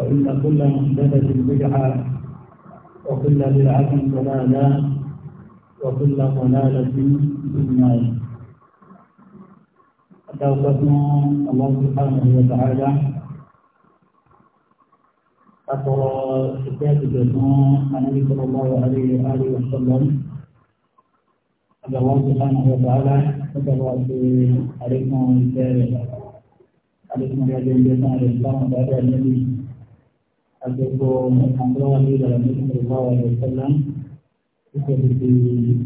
فإن كل محدثة بدعة وكل بدعة ضلالة وكل ضلالة في النار توبتنا الله سبحانه وتعالى أقرأ كتاب الجنة عن النبي صلى الله عليه وآله وسلم أن الله سبحانه وتعالى في عليكم الكتاب عليكم يا جنة الإسلام بعد النبي àgbẹ̀kọ àbúrọ̀wálé ìlànà ìṣòro àwọn ìṣẹ̀lá ìṣẹ̀ títí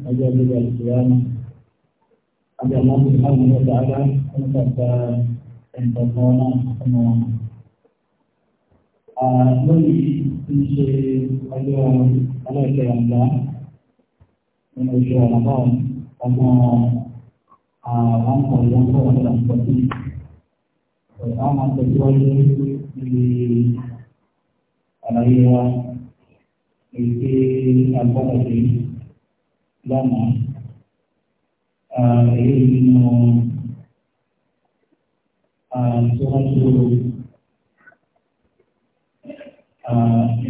ọjọ́ ìgbà ìṣìyàmù. Àbẹ̀ aláàbò àwọn ọ̀dà ara ń tàbá ẹ̀ǹtọ̀kọ́ náà fún wọn. Lórí ti ṣe ọjọ́ ọlọ́ọ̀kẹ́ ọ̀gá nínú oṣù ọ̀nàbọ̀ ọmọ àwọn ọmọ ìyàwó ọ̀dà ìṣọ̀tì. Àwọn àtẹ̀síwájú ti àlàyé wa èké agbọ́dọ̀ dé lọ́mọ́ èyí nínú sọ́nàtò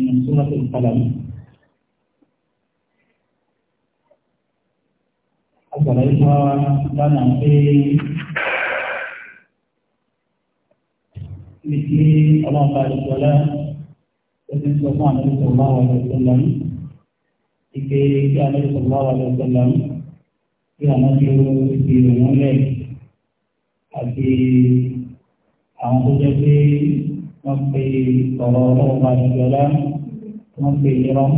nínú sọ́nàtò kọlọ̀mù. Àgbàlá yìí wá lánàá pé ní kí ọlọ́run bá ẹni sọ fún àlẹ́sọ̀ láwà lọ́sọ̀lá yìí ike kí àlẹ́sọ̀ láwà lọ́sọ̀lá yìí kí àlẹ́sọ̀ ti rẹ̀ wọ́n lẹ̀ àti àwọn tó jẹ́ pé wọ́n pe ọ̀rọ̀ ọlọ́wọ́ àdìgbọ́lá wọ́n pe irọ́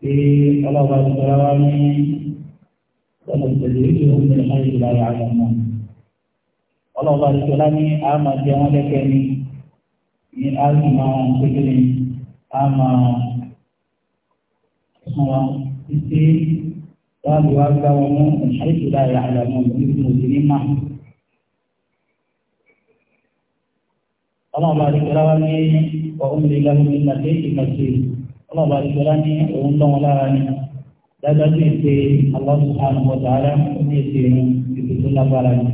pé ọlọ́wọ́ àdìgbọ́lá wá ní ọ̀nà ìṣẹ̀lẹ̀ yìí ó ń bẹ̀rẹ̀ láyé ìlànà àgbà náà ọlọ́wọ́ àdìgbọ́lá ní àmàjẹ́ wọn lẹ́kẹ́ ni ní a sì máa ń pékeré a máa fún wa títí láti wá gbá wọn mú ìṣàlùkù láàyè àlàmú ìlú mùsùlùmí mà. ọlọ́run bá dìgbẹ́lá wá ní ọ̀hún lè lọ́wọ́ ní ìlàdé ìgbàsí ọlọ́run bá dìgbẹ́lá ní òun lọ́wọ́ lára ní dájọ́ sí ètè Allah subhanahu wa ta'ala ní ètè ìlú tó lágbára ní.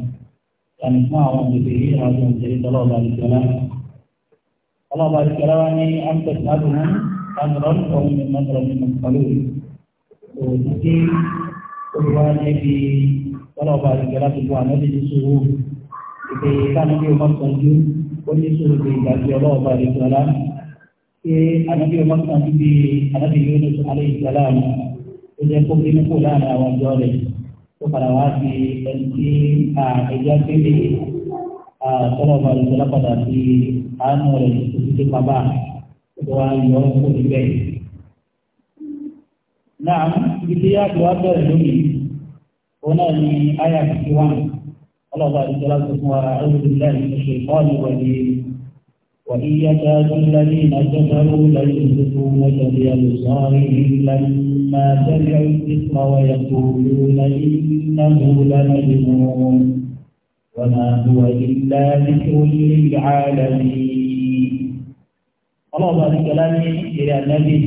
yàní fún àwọn òṣèré àwọn òṣèré tọ́lọ́ọ̀bá dìgbẹ́lá. اللهم بارك لنا أن تسألهم أمرا وهم من أمر من المسألون وتسي قرآن di اللهم بارك لنا في قرآن في السرور ìpè kánàbí ọmọ sànjú ó di sòrò pé ìgbàgbé ọlọ́ọ̀bà ìgbàlá ṣé anábí ọmọ sànjú bí anábí Yunus alẹ́ ìgbàlá mi ó jẹ́ kó bínú kó láàrin àwọn ọjọ́ rẹ̀ ó padà wá sí ẹni tí ẹja gbélé àtọ́lọ́ba ló tọ́lá padà sí àánú rẹ̀ títí pàbà tó wá yọ kó níbẹ̀. náà ibi tí yá tó wá bẹ̀rẹ̀ lónìí òun náà ni àyà fífi wá ọlọ́ba ló tọ́lá tó fún wa ọdún ilé ìṣe ìfọ́ọ̀lù wọ̀nyí وإن يكاد الذين كفروا ليزلقون جميع أبصارهم لما سمعوا الذكر ويقولون إنه لمجنون وما هو إلا ذكر للعالمين الله بارك لنا إلى النبي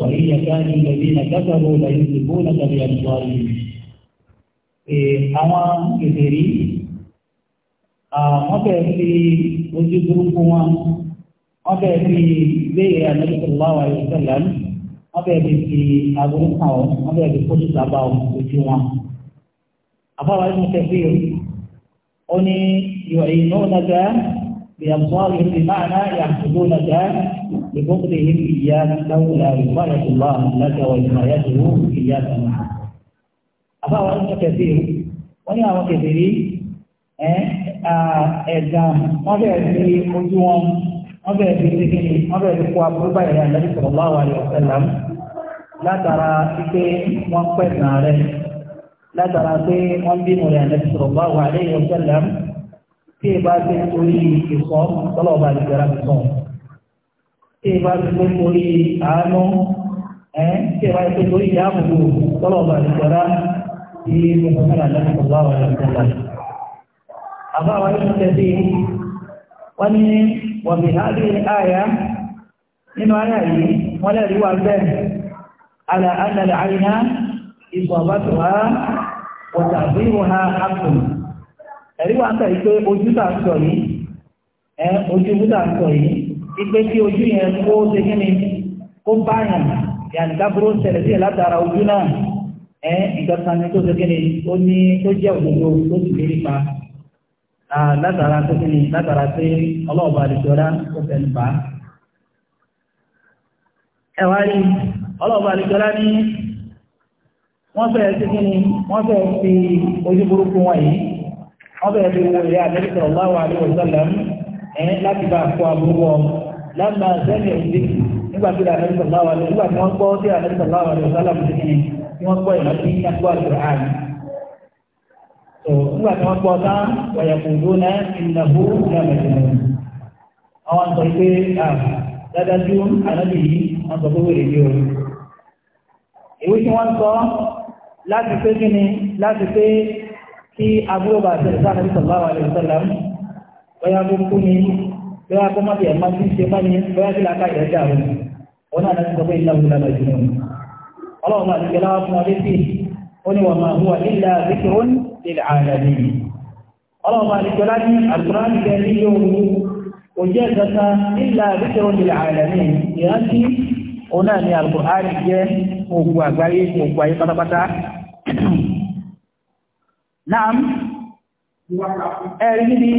وإن كان الذين كفروا ليمسكونك بأبصارهم àwọn kèfèrí wọ́n fẹ́ fi ojú burúkú wọn wọ́n fẹ́ fi léèrè àdébùsọ̀láwà ìṣẹ̀lẹ̀ wọ́n fẹ́ fi fi aburú kan wọ́n fẹ́ fi kóṣù sábà ojú wọn. àbáwá yìí mo fẹ́ fi ó ní ìrìnà nàgà bí àbúrò ìrìn máàná ìyàtúndó nàgà ìgbókùnrin yìí ìyá láwùlà ìfọyàtúwà nàgà wà ìfọyàtúwò ìyá tàmà. àbáwọn ọ̀rọ̀ ń kẹsì wọ́n ní àwọn kẹsìrí ẹ̀dá wọ́n bẹ̀rẹ̀ sí ojú wọn wọ́n bẹ̀rẹ̀ sí síkìní wọ́n bẹ̀rẹ̀ sí kó aburú báyìí àlẹ́ sọ̀rọ̀ láwàlẹ̀ ọ̀sẹ̀ làm látara pé wọ́n pẹ̀sán rẹ̀ látara pé wọ́n bí mọ̀lẹ́ àlẹ́bí sọ̀rọ̀ bá wà lẹ́yìn ọ̀sẹ̀ lẹ́m tí ì bá ti torí ìsọ́ tọ́lọ́ọ̀bà ìgbéra ti sọ̀ tí ì bá ti pé torí àánú ẹ̀ tí ì bá ti pé torí ìyáàbò tọ́lọ́ọ̀bà ìgbéra ti mọ̀lẹ́ àlẹ́bí sọ̀rọ̀ bá wà lẹ́yìn ọ̀sẹ̀ lẹ́m. àbáwá yóò tẹ̀sí wọ́n ní wọ̀bí hálí àyà nínú àyà yìí wọ́n lẹ́rìí wà bẹ́ẹ̀ alà ánàlẹ̀ àyìnà ìsọ̀bátùwá wọ̀tà bí wọn ha ápùn ẹ̀rí wa sọ yìí ẹ ojú sọ yìí ipe tí ojú yẹn kó ṣe kí ni kó báyàn yàtí kábúrò sí ẹ̀ látara ojú náà ẹ ìgbàkan tó ṣe kí ni ó ní tó jẹ́ òdodo tó sì pa látara tó kí ni látara pé ọlọ́ọ̀bà wọ́n fẹ́ẹ̀ sí kí ni wọ́n fẹ́ẹ̀ fi ojú burúkú wọn yìí wọ́n fẹ́ẹ̀ fi wo ìyá àti ìṣòro láwọn àdúgbò sọ́lẹ̀m ẹ̀ láti bá kó àbúrò lọ́mọ sẹ́mi òdì nígbà tí àti ìṣòro láwọn àdúgbò nígbà tí wọ́n gbọ́ sí àti ìṣòro láwọn àdúgbò sọ́lẹ̀m sí kí ni tí wọ́n gbọ́ ìlọ sí ẹgbọ́ àdúrà àmì. nígbà tí wọ́n gbọ́ tán wọ̀yẹ̀kùnjú náà ìnáwó àwọn láti pé kí ni láti pé kí abúrò bá tẹ̀lé sáà nàbí sallallahu alaihi wasallam bóyá kó kú ni bóyá kó má bẹ̀ má ti ṣe má ni bóyá kí láká ìrẹ́ jà rẹ̀ wọn náà láti sọ pé iná wúlò lábẹ́ jùlọ. ọlọ́run àti ìgbẹ́lá wa fún wa létí Naam, ẹ̀rí níbi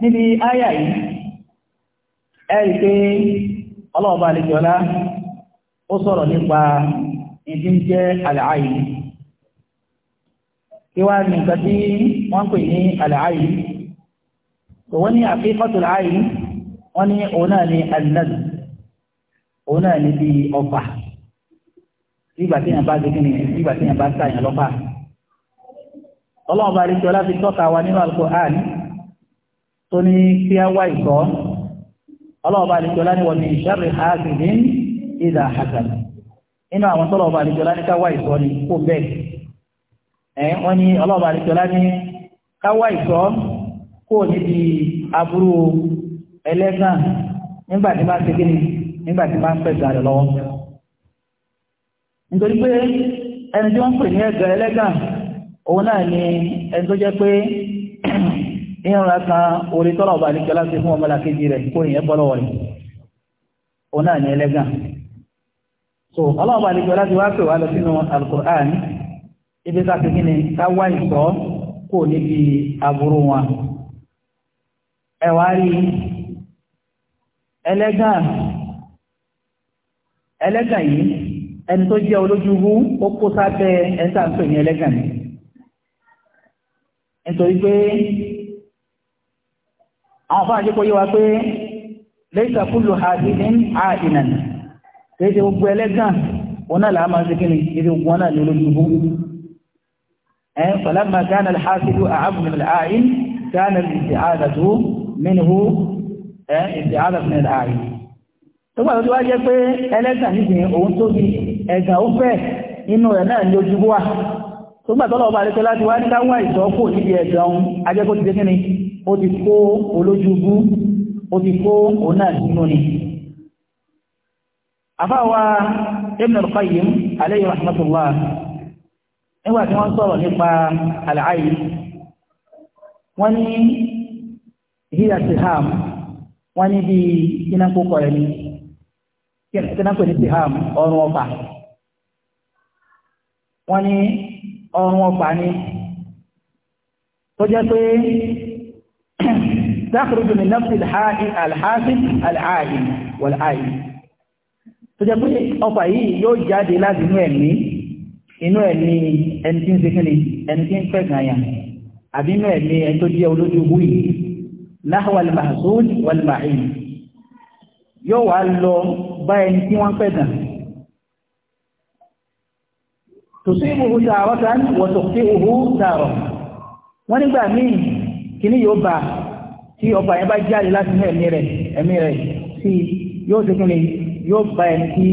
níbi ayayi yìí, ẹ̀rí pé ọlọ́ọ̀bá àlejọ́lá ó sọ̀rọ̀ nípa ìdí ń jẹ́ àlàáyì. Kí wá ní nǹkan tí wọ́n pè ní àlàáyì? Kò wọ́n ní àfíkọ́tù wọ́n òun ìgbà tí yàn bá ṣe kíni tí bá lọ́pàá ọlọ́run bá rí fi tọ́ka wa nínú Al-Qur'an tó ní kí á wá ìkọ́ ọlọ́run bá rí kí ní wọ́n ní sharri hasidin idha hasad inú àwọn tọ́lọ̀ bá rí ní ká wá ìkọ́ ni kó bẹ́ẹ̀ wọ́n ní ọlọ́run bá rí nítorí pé ẹni tí wọ́n pè ní ẹ̀gà ẹlẹ́gàn òun náà ni ẹni tó jẹ́ pé ìrìnra kan orí tọ́lọ̀ ọba àdìgbà láti fún ọmọ làkejì rẹ̀ kó ìyẹn bọ́ lọ́wọ́ rẹ̀ òun náà ni so ọlọ́ọ̀bà àdìgbà láti wá pè wá lọ sínú alukur'an ibi ẹni tó jẹ́ olójúwú ó kó sábẹ́ ẹ̀ńtà tó ní ẹlẹ́gàn nítorí pé àwọn fún àjẹ́kọ́ yíwa pé lẹ́yìnká kúlù àdínín àdínàn lẹ́yìnká gbogbo ẹlẹ́gàn wọn náà làá máa ń sekínì ìdí wọn náà ní olójúwú ẹ̀ fọlámà gánà alhásílù àhábùnmí àárín gánà ìsìádàtú tó gbàtọ́ tó wá jẹ́ pé ẹlẹ́gà nídìí òun tóbi ẹ̀gà ó fẹ́ inú rẹ̀ náà ní ojú wà tó gbàtọ́ lọ́wọ́ balẹ̀ pé láti wá ní káwọn ìtọ́kù níbi ẹ̀gà ohun ajẹ́kó ti dékíní ó ti kó olójúgbú ó ti kó òun náà nínú ni àfáwa Ibn al-Qayyim alayhi rahmatullah nígbà tí wọ́n sọ̀rọ̀ nípa àlàáyé wọ́n ní híyà siham wọ́n ní bí iná kókọ̀ rẹ̀ ni kínákò ní tiham ọrùn ọ̀pá wọ́n ní ọrùn ọ̀pá ní tó jẹ́ pé dákùrùdù ní nafsi alhasib alhari walhari tó jẹ́ pé ọ̀pá yìí yóò jáde láti inú ẹ̀mí inú ẹ̀mí ẹni tí ń sekínì ẹni tí ń pẹ̀gànyà àbí inú ẹ̀mí ẹni tó jẹ́ olójú wúyì náà wàlmàṣúd wàlmàṣúd yóò wá lọ bá ẹni tí wọ́n pẹ̀dàn tó sí ìbúhú tààrọ́ta wọ̀tọ̀ sí ìhú tààrọ̀ wọ́n nígbà míì kì ní yóò bá tí ọba yẹn bá jáde láti ní ẹ̀mí rẹ̀ ẹ̀mí rẹ̀ sí yóò ti kí yóò bá ẹni tí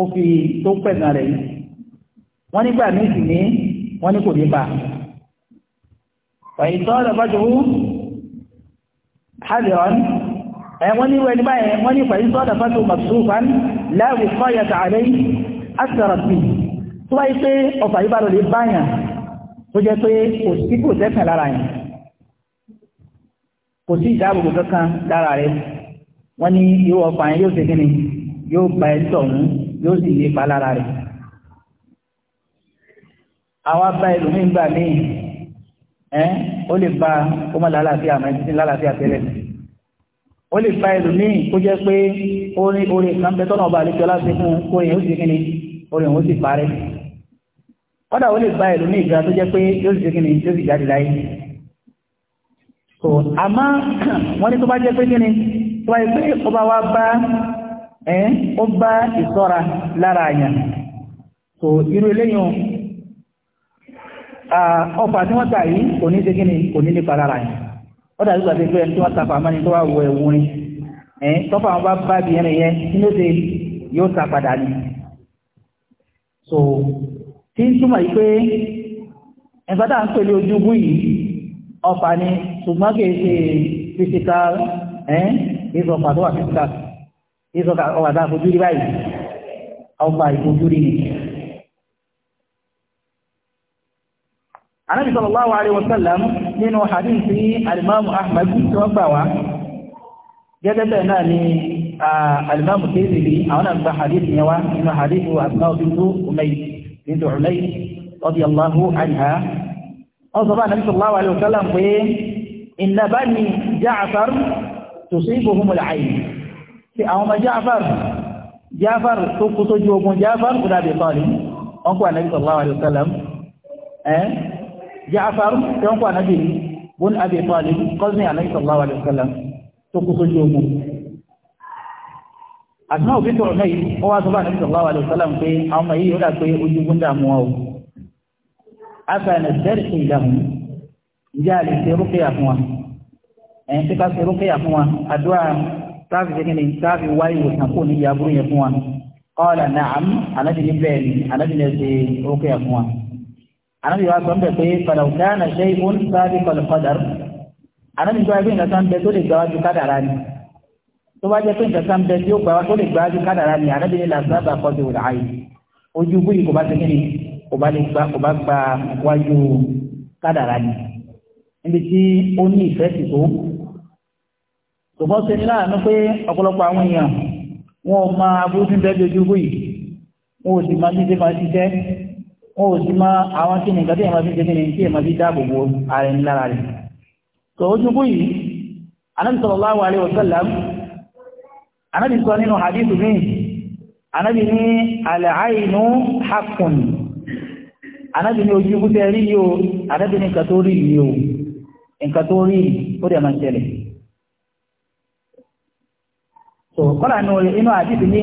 ó fi tó pẹ̀dàn rẹ̀ yìí wọ́n nígbà míì sì ní wọ́n ní kò ní bá fàyìntàn lọ́bàjọ́ hàlẹ́ ọ̀nà wọ́n ní wẹ́ni báyẹ̀ wọ́n ní fàyí sọ́dà fásitì masrufan láàrín kọ́yà tààrẹ asàràfì tó wáyé pé ọfà yìí bá lọ lè báyà tó jẹ́ pé kò sí kò tẹ́kàn lára yẹn kò sí ìdáàbòbò kankan lára rẹ̀ wọ́n ní yóò ọfà yẹn yóò ṣe kí ni yóò gba ẹ̀ tọ̀hún yóò sì lè pa lára rẹ̀ àwa bá ẹlòmíín gbà míì ẹ́ ó lè ba ó mọ̀ lálàáfíà mẹ́tí lálàáfíà tẹ́lẹ̀ ó lè fa ẹlòmíì kó jẹ́ pé orin orin kan bẹ tọ́nà ọba àlejò láti fún orin ó sì kíni orin ó sì parẹ́ kọ́dà ó lè fa ẹlòmíì ìgbà tó jẹ́ pé yóò sì kíni yóò sì jáde láyé so àmọ́ wọ́n ní tó bá jẹ́ pé kíni tó bá yẹ pé ó bá wá bá ẹ́ ó bá ìṣọ́ra lára àyàn so irú eléyìn ọfà tí wọ́n tà yìí kò ní ṣe kíni kò ní nípa lára àyàn ó dàbí gbàgbé pé ẹni tó wá tapà máa ní tó wá wọ ẹ̀wù ni ẹ̀ tọ́fà wọn bá bá bí ẹni yẹn kí ló dé yóò ta padà ni. so tí ń túmọ̀ yìí pé ẹ̀fọ́ tá à ń pèlè ojúbú yìí ọ̀pá ni ṣùgbọ́n kì í ṣe physical ẹ̀ ìsọ̀pá tó wà physical ìsọ̀pá ọ̀wà tá a fojú rí báyìí ọ̀pá ìfojú rí ni. anábì sallallahu alaihi wasallam nínú hadithi alimamu ahmad tí wọ́n gbà wá gẹ́gẹ́ bẹ́ẹ̀ náà ni alimamu kéèdèlé àwọn àgbà hadithi yẹn wá nínú hadithi asma bintu umayi bintu umayi radiyallahu anha wọ́n sọ bá nàbí sallallahu alayhi wa sallam pé inna bani jaafar tusibuhum al-ayn ti àwọn ọmọ jaafar jaafar tó kú sójú Ja'far tí wọ́n kọ́ ànábì ní bun Abi Talib kọ́sìn ànábì sallallahu alaihi wasallam tó kú sójú ogun àtúnwò bí tọ̀rọ̀ náà yìí ó wá sọ́bà ànábì sallallahu alaihi wasallam pé àwọn ọmọ yìí ó dà pé ojú ogun dààmú wa o afẹ́nà dẹ́rẹ́sì ìdààmú ìjà lè ṣe rúkẹ́yà fún wa ẹ̀yìn anabi wa sọmbẹ pé falawutana seikun sáábì kọlùkọdàrú anabi tó ẹgbẹ nǹkan sáńbẹ tó lè gbáwájú kádàrá ni tó bá jẹ pé nǹkan sáńbẹ tí ó gbáwá tó lè gbáwájú kádàrá ni anabi ní làzábà kọjú wòlá ayé ojú búyì kò bá ti kí ni kò bá lè gba kò bá gba wájú kádàrá ni níbi tí ó ní ìfẹ́ sì tó tòbọ́n ṣe ní láàánú pé ọ̀pọ̀lọpọ̀ àwọn èèyàn wọn ò máa burúkú bẹ́ẹ̀ lójú búyì wọn ò sì máa ní wọn ò sí mọ́ àwọn kí ni nǹkan tí èèmọ̀ fi ṣe kí ni tí èèmọ̀ fi dáàbò bo ara ẹni lára rẹ̀ tó ojú bú yìí anábì sallallahu alaihi wasallam anábì sọ nínú hadithu mi anábì ní al-aynu haqqun anábì ní ojú bú tẹ́ rí yìí o anábì ní nǹkan tó rí yìí o nǹkan tó rí ó dẹ̀ máa ṣẹlẹ̀ so kọ́lá inú àdìsí mi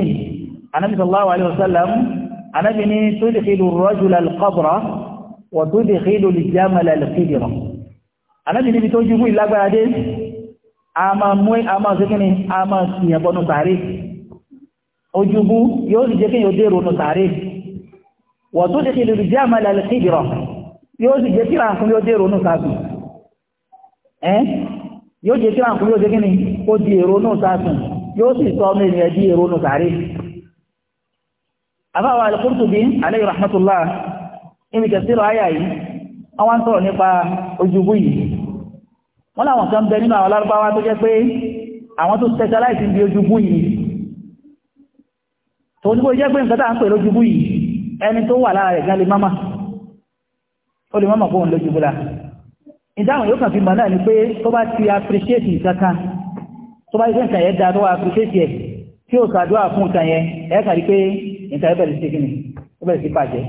anábì sallallahu alaihi wasallam anábì ní tó lè fi lù rọ́jù lálùkọ́bùrọ̀ wọ́n tó lè fi lù lè jámà lálùkìdìrọ̀ anábì níbi tó jùmú ìlágbára dé a máa mú a máa sí kíni a máa sìyàn bọnu sàárè ojúbú yóò sì jẹ́ kí yóò dérò nù sàárè wọ́n tó lè fi lù jámà lálùkìdìrọ̀ yóò sì jẹ́ kí ràǹkún yóò dérò nù sàárè di èrò nù sàárè yóò sì sọ ọmọ di èrò nù afáwà al-Qurtubi alayhi rahmatullah ibi kẹsìrò ayà yìí àwọn ń sọ̀rọ̀ nípa ojúgbó yìí wọ́n láwọn kan bẹ nínú àwọn lárúbáwá tó jẹ́ pé àwọn tó specialize ń bí ojúgbó yìí tó ní kó jẹ́ pé nǹkan tá à ń pè lójúgbó yìí ẹni tó wà lára rẹ̀ gan lè máma ó ni pé tó ti appreciate ìkankan tó bá ti fẹ́ appreciate yẹ tí ó ṣàdúrà fún nǹkan yẹn nǹkan ẹbẹ̀rẹ̀ sí kíni ẹbẹ̀rẹ̀ sí bàjẹ́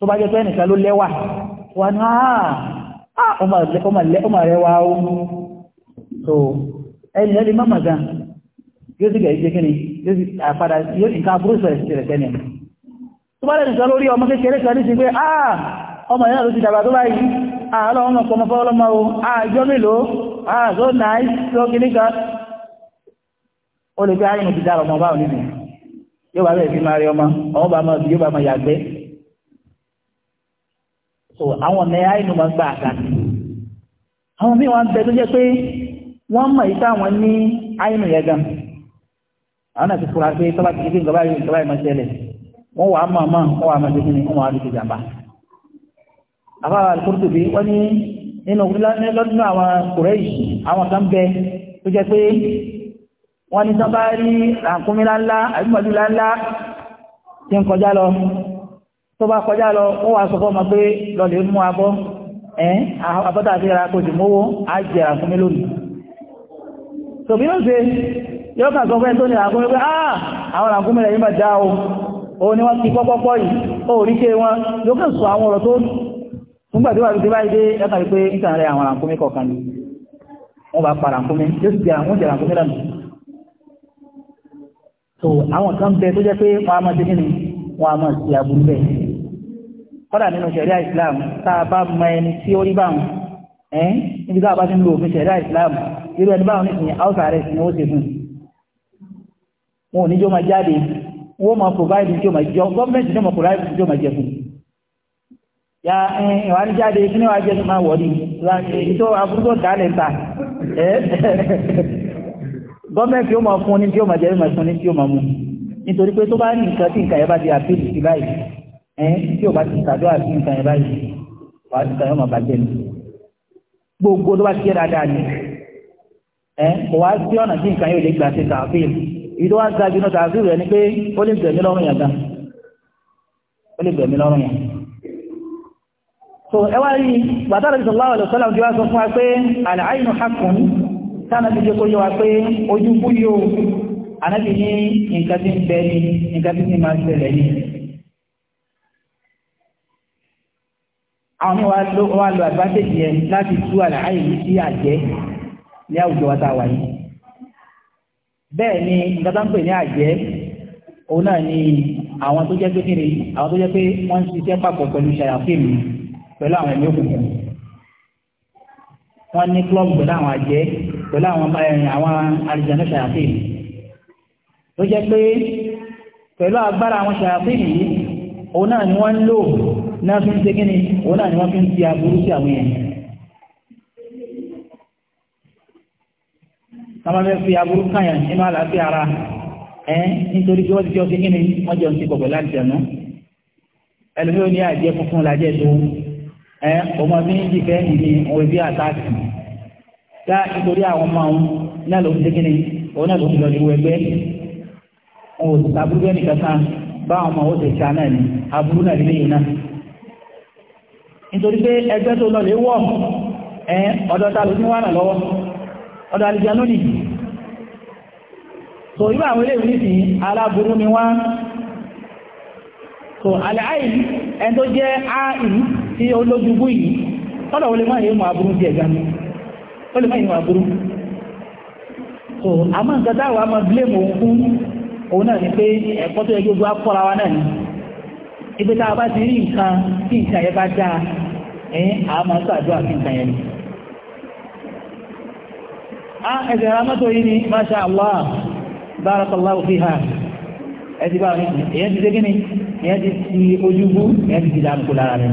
tó bá jẹ́ pé ẹnìkan ló lẹ́wà wà ní àà ọmọ rẹ̀ wá ó so ẹni ẹni mọ́mọ̀ gan yóò sì gẹ̀ẹ́ kíni yóò sì àpadà yóò nǹkan aburú sọ̀rọ̀ sí rẹ̀ tẹ́ni tó bá lẹ́nìkan lórí ọmọ kékeré kan ní sí pé àà ọmọ yẹn ló ti dàgbà tó báyìí àà ọlọ́mọ ọmọ fọwọ́lọ́mọ o àà nice so kíníkan ó lè gbé ayé mo yóò bá bẹ̀rẹ̀ sí máa rí ọmọ ọmọ bá máa yóò bá máa yàgbẹ́ so àwọn ọ̀nà àìnú máa gbà àgbà àwọn míì wọn bẹ tó jẹ́ pé wọ́n mọ̀ yìí táwọn ní àìnú yẹn gan àwọn náà ti fura pé tọ́ba ti fi nǹkan báyìí nǹkan báyìí máa ṣẹlẹ̀ wọ́n wàá mọ̀ mọ̀ wọ́n wàá máa ṣe kíni wọ́n wàá fi jàmbá àbáwá àlùkòtò bí wọ́n ní nínú lọ́dún àwọn kùrẹ́yì àwọn kan bẹ tó jẹ́ pé wọ́n ní sọ́bá rí ràkúnmí láńlá àbímọ̀dú láńlá tí ń kọjá lọ tó bá kọjá lọ ó wà sọ fọ́mọ pé lọlẹ̀ mú abọ́ ẹ́n abọ́ta àti ra kò sì mówó á jẹ ràkúnmí lónìí tòbí yóò ṣe yóò kà sọ fẹ́ tó ní ràkúnmí pé áà àwọn ràkúnmí rẹ̀ yìí já o ó ní wọ́n ti pọ́pọ́pọ́ yìí ó rí ké wọn yóò kàn sọ àwọn ọ̀rọ̀ tó nígbà tí wà lùdí báyìí dé ẹ̀ka rí pé ìtàn rẹ̀ àwọn ràkúnmí kọ̀ọ̀kan ni wọ́n bá pa ràkúnmí yóò sì jẹ so àwọn kan bẹ tó jẹ́ pé wọ́n á máa ṣe kíni wọ́n á máa ṣe aburú bẹ́ẹ̀ kọ́dà nínú ṣẹ̀ríà Islam tá a bá mọ ẹni tí ó rí báwọn ẹ́ níbi tá a bá ti ń lo òfin ṣẹ̀ríà Islam irú ẹni báwọn nísìnyí house arrest ni ó ṣe fún wọn ò ní jọ máa jáde wọ́n máa provide tí o máa jọ gọ́ọ̀mẹ̀ntì náà máa provide tí ó máa jẹ fún ya ìwà ní jáde kí ni wàá jẹ fún máa wọ̀ ní ìtò àbúrúgbò dálẹ̀ ta ẹ́ gọ́ọ̀mẹ́ntì ó máa fún ní tí ó máa jẹ́ máa fún ní tí ó máa mú nítorí pé tó bá ní nǹkan tí nǹkan yẹn bá di àpèjì sí báyìí ẹ̀ẹ́n tí ò bá ti sàdó àti nǹkan yẹn báyìí wà á ti sàyọ́ máa bàjẹ́ ni gbogbo tó bá ti yẹ dáadáa ni ẹ̀ẹ́n kò wá sí ọ̀nà tí nǹkan yóò lè gbà ṣe tààfíìl ibi tó wá ga jù náà tààfíìl rẹ̀ ni pé ó lè gbẹ̀mí lọ́rùn yàtọ̀ ó lè gbẹ̀mí lọ́rùn yàtọ̀ so ẹ wá rí bàtà rẹ̀ sọ̀rọ̀ àwọn ọ̀lẹ́sọ̀lá tánàbí jẹ́ kó yẹ wa pé ojú kú yóò anábì ní nǹkan tí ń bẹ ní nǹkan tí ń máa ṣẹlẹ̀ ní. àwọn mi wá lo advantage yẹn láti tú àlàyé yìí sí àjẹ́ ní àwùjọ wa tá a wà yìí. bẹ́ẹ̀ ni nǹkan tá ń pè ní àjẹ́ òun náà ni àwọn tó jẹ́ pé kí ni àwọn tó jẹ́ pé wọ́n ń ṣiṣẹ́ papọ̀ pẹ̀lú ṣàyàfíìmù pẹ̀lú àwọn ẹ̀mí òkùnkùn. wọ́n ní club pẹ̀lú àwọn àjẹ́ pẹ̀lú àwọn eh, àwọn àlìjànnú ṣàyàfín ló jẹ́ pé pẹ̀lú agbára àwọn ṣàyàfín yìí òun náà ni wọ́n ń lò náà fi ń ṣe kíni òun náà ni wọ́n fi ń fi aburú sí àwọn èèyàn kama fẹ́ fi aburú kanyà nínú àlàáfíà ara ẹ eh, nítorí pé wọ́n ti jọ sí kíni wọ́n jọ ń ti kọ̀kọ̀ láti ẹ̀nu ẹlòmíràn ní àjẹ funfun làjẹ tó ẹ eh, ọmọ mi ń jìfẹ́ ìdí òwe bí àtàkì ya nítorí àwọn ọmọ àwọn náà ló ń tẹ́kẹ́ ní òun náà ló ń lọ òun ò kankan bá àwọn ọmọ òun aburú náà náà nítorí pé ẹgbẹ́ tó lọ lè wọ̀ ẹ ọ̀dọ̀ ta ló wà náà lọ́wọ́ ọ̀dọ̀ lónìí irú àwọn aláburú ó lè má ìwà burú so àmọ́ nǹkan táwọn a máa blame òun fún òun náà ni pé ẹ̀kọ́ tó yẹ kí ojú wa náà ni ibi tá a bá ti rí nǹkan tí nǹkan yẹn bá dáa ẹ̀yìn àá máa ṣàdúrà sí nǹkan yẹn ni a ẹ̀sẹ̀ ara mọ́tò yìí ni masha allah barakallahu fiha ẹ̀sìn báwọn èèyàn ti dé gíní èèyàn ti ti ojú bú èèyàn ti ti dáa nǹkó lára rẹ̀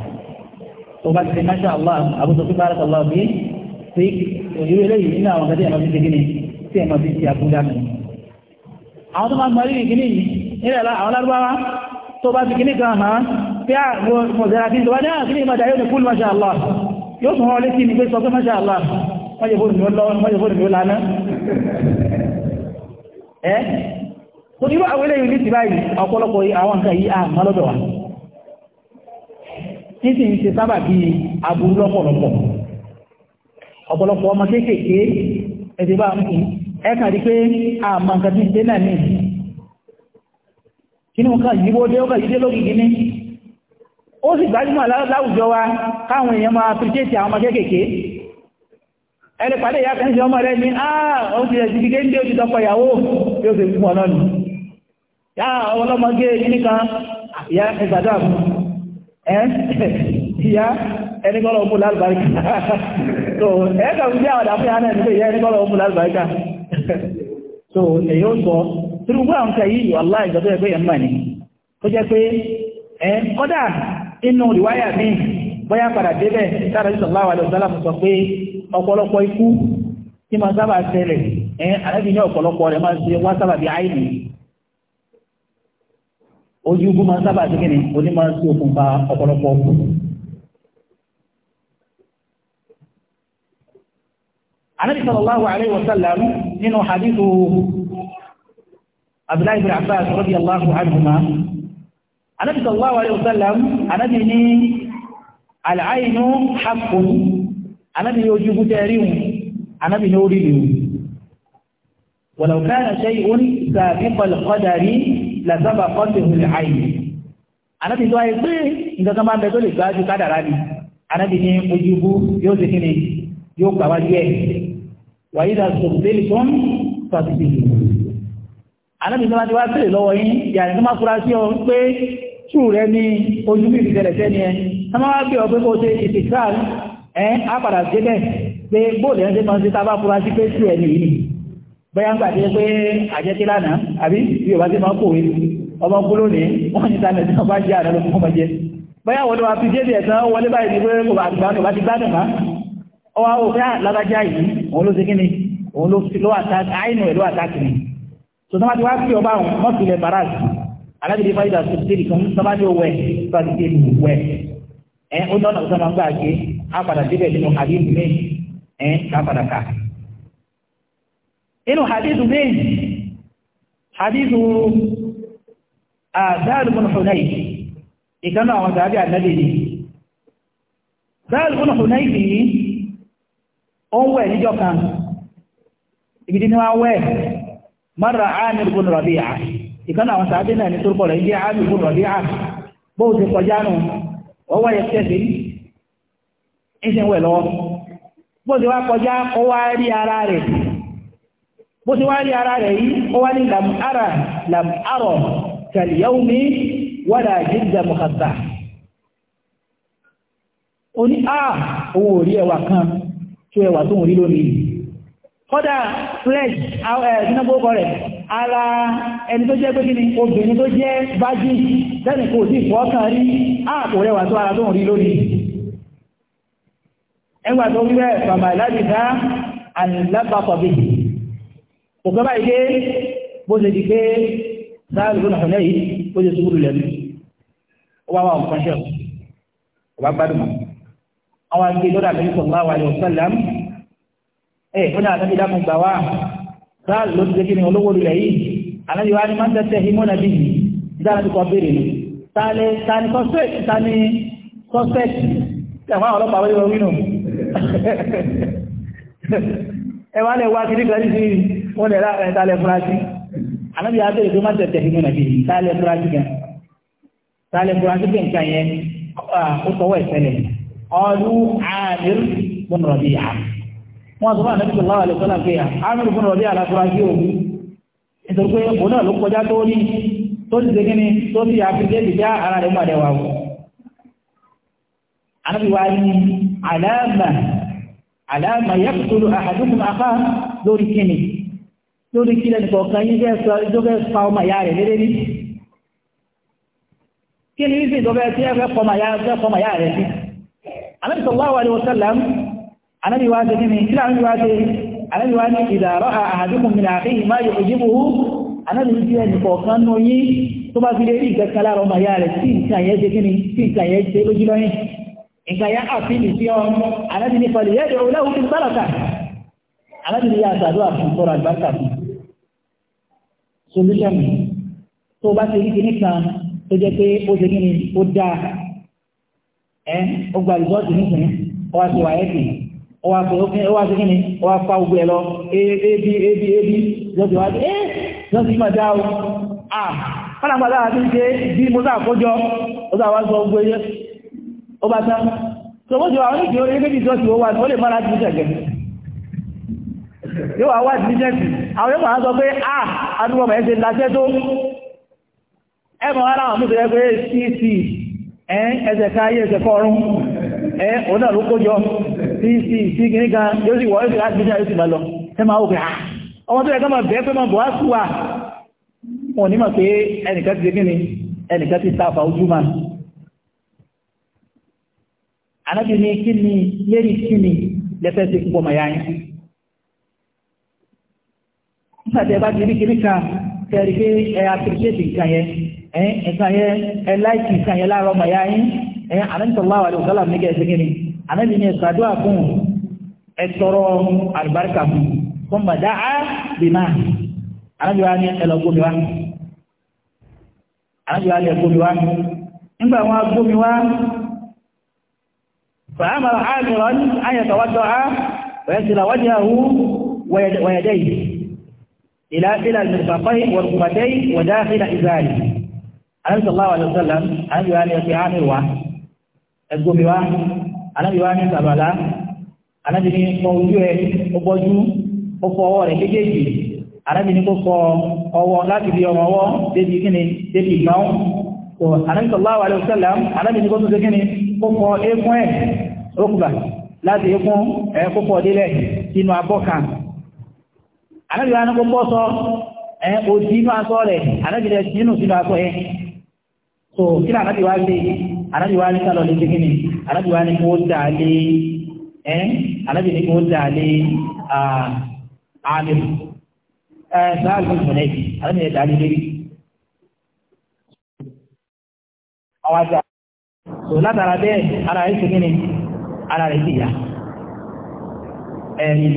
tó bá ti máṣá allah àbúrò tó bára allah bí sí òyìnbó eléyìí nínú àwọn kẹtẹ ẹ̀mọ́ fi ṣe kíni tí ẹ̀mọ́ fi ṣe àbúdá mi. àwọn tó máa ń mọrí ìkíní yìí nílẹ̀ la àwọn lárúbáwá tó bá ti kíní kan hàn pé à mo zẹra kí n tó bá ní àkíní yóò ní kúlù máṣá allah yóò tún wọ́n létí ní pé sọ pé máṣá allah wọ́n yẹ fóònù lọ́wọ́ wọ́n yẹ fóònù lánàá ẹ́ tó ní wọ́n àwọn eléyìí ní ti báyìí ọ̀pọ̀lọpọ̀ àwọn nǹkan yìí àmọ́ lọ́dọ̀ wa títí ń ṣe sábà bí aburú lọ́pọ̀lọpọ̀ ọ̀pọ̀lọpọ̀ ọmọ kéékèèké ẹ̀dẹ̀ bá ń kú ẹ̀ka rí pé àmà nǹkan tí ń dé náà ní kí yíwó dé wa káwọn èèyàn máa àwọn ọmọ ẹni pàdé ìyá kan ṣe ọmọ rẹ ní ń ah, dé ó ìyá ẹnikọ́lọ̀ ọmọ lálùbáríkà so ẹ́kà ń bí àwàdà fún ìyá ẹni pé ìyá ẹnikọ́lọ̀ ọmọ lálùbáríkà so èyí ó sọ tí gbogbo àwọn kẹ yìí wà láì jọdọ́ ẹgbẹ́ yẹn mẹ́ni tó jẹ́ pé ẹ kọ́dà inú ìwáyà mi bóyá padà débẹ̀ sára jù sọ̀lá wà lọ́sọ́lá sọ pé ọ̀pọ̀lọpọ̀ ikú tí máa sábà ṣẹlẹ̀ ẹ ojú ogun máa sábà sí kíni oní máa sí okùnfà ọ̀pọ̀lọpọ̀ ọkùn anábi sallallahu alaihi wasallam nínú hadithu abdullahi ibn abbas radiyallahu anhuma anábi sallallahu alaihi wasallam anábi ní al'ainu haqqun anábi ní ojú ogun tẹ́ríun anábi ní orí liu kana shay'un sabiqal qadari làzábà kọ́tì òhùlẹ̀ àyè anábì tó ayé pé nǹkan kan máa ń bẹ tó lè gbá ju kádàrá ni anábì ní ojú ibú yóò ṣe kíni yóò gbà wájú ẹ̀ wàyí dà sọ bẹ́ẹ̀lì tó ń fàtìsì anábì tó máa ti wá sílè lọ́wọ́ yín yàrá tó máa fura sí ọ pé tù rẹ ní ojú bí ìfìtẹ̀lẹ̀ sẹ́ni ẹ tó máa bí ọ pé kó ṣe ìfìtìsáà ẹ á padà débẹ̀ pé bóòlù ẹ̀ ń ṣe máa ń ṣe tá a bá fura sí pé tù ẹ nìyí bẹ́yà ń gbà dé pé àjẹ́tí lánàá àbí bí ọba tí máa kòwé ọmọ gbóló ní wọ́n ní tánà tí wọ́n bá jẹ́ àdánù fún ọmọ jẹ́ bẹ́yà wọ́n wá fi jẹ́bi ẹ̀sán wọlé báyìí pé kò bá gbà kò bá ti gbádùn má ọwọ́ òfin alágbájá yìí òun ló ṣe kí ni òun ló fi lọ́wọ́ àtàkì àìnù ẹ̀ lọ́wọ́ àtàkì ni tòtọ́ bá ti wá fi ọba àwọn mọ́sílẹ̀ baras alágbèdè fáyidà sọ́sílì kan sábà ní owó ẹ̀ fáyidà ìlú wẹ̀ ẹ̀ ó dọ́nà ọ̀sán inú hadithu méjì hadithu àdáàlùmùn hunayi ìkanú àwọn tàbí ànábì ni dáàlùmùn hunayi ni ó ń wẹ̀ ibidi ni wọ́n wẹ̀ amir bin rabi'a ìkanú àwọn tàbí náà ni turkọ̀ rẹ̀ jẹ́ amir bin rabi'a ara bó ti wá rí ara rẹ̀ yìí ó wá ní làmàrà làmàrọ̀ kàlíyàwómi wàdà jíjà mọ̀kàtà ó ní à ah, òun ò rí ẹwà kan tó ẹwà tó ń rí lónìí kọ́dà flesh ẹ̀ẹ́dínágbókọ rẹ̀ ara ẹni tó jẹ́ pé kí ni obìnrin tó jẹ́ bájí lẹ́nì kò sí ìfọ́kàn rí ààkò ah, rẹwà tó ara tó ń lónìí ẹgbà tó ń rẹ̀ bàbá ìlàjìdá àìlábàkọ̀bí kò kọ́ báyìí pé bó ṣe di pé sáàlù ló nàfẹ́ lẹ́yìn bó ṣe ṣubú lulẹ̀ mi ó wá wà nǹkan ṣe ó wá gbádùn mọ́ àwọn àti lọ́dọ̀ àbẹ̀yẹ sọ̀rọ̀ wà wàlẹ̀ ọ̀sálàm ẹ̀ fún náà àtàkì dákun gbà wá sáàlù ló ti ṣe kí ni olówó lulẹ̀ yìí àlejò wa ni máa ń tẹ́tẹ́ himona bíi ìdáná ti kọ́ béèrè ni tani tani suspect tani suspect ẹ̀wọ̀n àwọn ọlọ́pàá wọlé wọn wí nù wọ́n lè rára ẹ̀ tálẹ̀ fúrásí anábì abẹ́rẹ́ tó máa tẹ̀tẹ̀ ìmọ̀ nàbí tálẹ̀ fúrásí gan tálẹ̀ fúrásí pé nǹkan yẹn ó tọwọ́ ìfẹ́lẹ̀ ọdún Amir bin Rabi'a wọ́n sọ fún anábì sallallahu alaihi wasallam pé Amir bin Rabi'a aláfúrásí òun nítorí pé òun náà ló kọjá tó rí tó ti ṣe kíni tó ti àfijẹ́ ìjà ara rẹ̀ mọ̀ àdẹ́wà wọ̀ anábì wa ní àlàmà àlàmà yaqtulu ahadukum akhahu lórí kíni lórí kí lẹ́nu kọ̀ọ̀kan yí jẹ́ fa ọmọ ìyá rẹ̀ lédé ní kí ni wípé ìjọba tí ẹ fẹ́ fọmọ ìyá rẹ̀ sí anábì sallallahu alaihi wasallam anábì wá ṣe kíni kí láàrín wá ṣe anábì wá ní idha ra'a ahadukum min akhihi ma yu'jibuhu anábì wípé ẹnì kọ̀ọ̀kan nù yí tó bá fi lé rí ìkẹ́ kan lára ọmọ ìyá rẹ̀ tí nǹkan yẹn kíni tí nǹkan yẹn ṣe lójú lọ́yìn nǹkan yẹn àfi ìfi ọ yẹ́ ìdòwò lẹ́wọ́ fi gbọ́dọ̀ kà yà àtàdúrà fún solution tó o bá ṣe yìí kìíní kan tó jẹ́ pé ó ṣe kíni ó dáa ẹ ó gba rìsọ́ọ̀tì nísìnyí ó wá ṣe wáyẹ́tì ó wá ṣe ó wá ṣe kíni ó wá fa ogun ẹ lọ ebi ebi ebi lọ́sẹ̀ wá ṣe lọ́sẹ̀ yìí máa dá o à fọlọ́ngbà dára ti ń ṣe bí mo sá àkójọ ó sá wá sọ ogun ẹ ó bá tán tòmójú àwọn oníṣẹ́ orí méjì tó ti wá ní ó lè mọ́ra ti ń yóò wá wá diligence àwọn yóò máa sọ pé à ah, adúgbò mẹ́ ṣe láṣẹ́ tó ẹmọ ara àwọn mẹ́sẹ̀ pé cc ẹsẹ̀ káyé ẹsẹ̀ kọrún ẹ òun ló kójọ cc sí kìíní kan yóò sì wọ́ yóò sì láti yóò sì bá lọ ẹ máa ah, ọmọ tó yẹ bẹ́ẹ̀ pé wá anábìnrin kí ni lérí kí ni lẹ́fẹ́ sí púpọ̀ nígbàtí ẹ bá ti rí kiri kan kẹrì pé ẹ apírísíètì nǹkan yẹn ẹ nǹkan yẹn ẹ láìkì nǹkan yẹn láàárọ̀ màá yá yín ẹ ànábìtọ̀lá wà lóò sálàmù nígbà ẹsẹ̀ kìíní ànábì ní ẹ̀sọ́ àdúrà fún ẹ tọrọ àlùbáríkà fún fún màdá á bì máa ànábì wa ní ẹ lọ gómi wa ànábì wa ní ẹ gómi wa nígbà wọn gómi wa fàámà àmì rọ ayẹtọ̀ wájọ á wẹ̀yẹsìlá wájà wú wẹ̀yẹdẹ́yìí إلى إلى المرفقين والقبتين وداخل إزاره النبي صلى الله عليه وسلم أنا يواني في عام الواحد أقول بوا أنا يواني سبلا أنا بني موجوه أبوجو أفوار كجيجي أنا بني كفو أو لا تبي أو أو تبي كني تبي ناو النبي صلى الله عليه وسلم أنا بني كفو كني كفو إيه كوين ركبة لا تيكون كفو ديله كنوا أبوكان anábì wa ní kó bọ́ sọ ẹ òdì inú aṣọ rẹ̀ anábì rẹ̀ nínú sínú aṣọ yẹn so kí ni anábì wa ṣe anábì wa ní sálọ lé kíkíni anábì wa ní kó dà lé ẹ anábì ní kó dà lé àmì ẹ sáà ló yìí anábì rẹ̀ lé lérí. àwọn so látara bẹ́ẹ̀ ara rẹ̀ ṣe kíni ara rẹ̀ sì yá ẹ̀yìn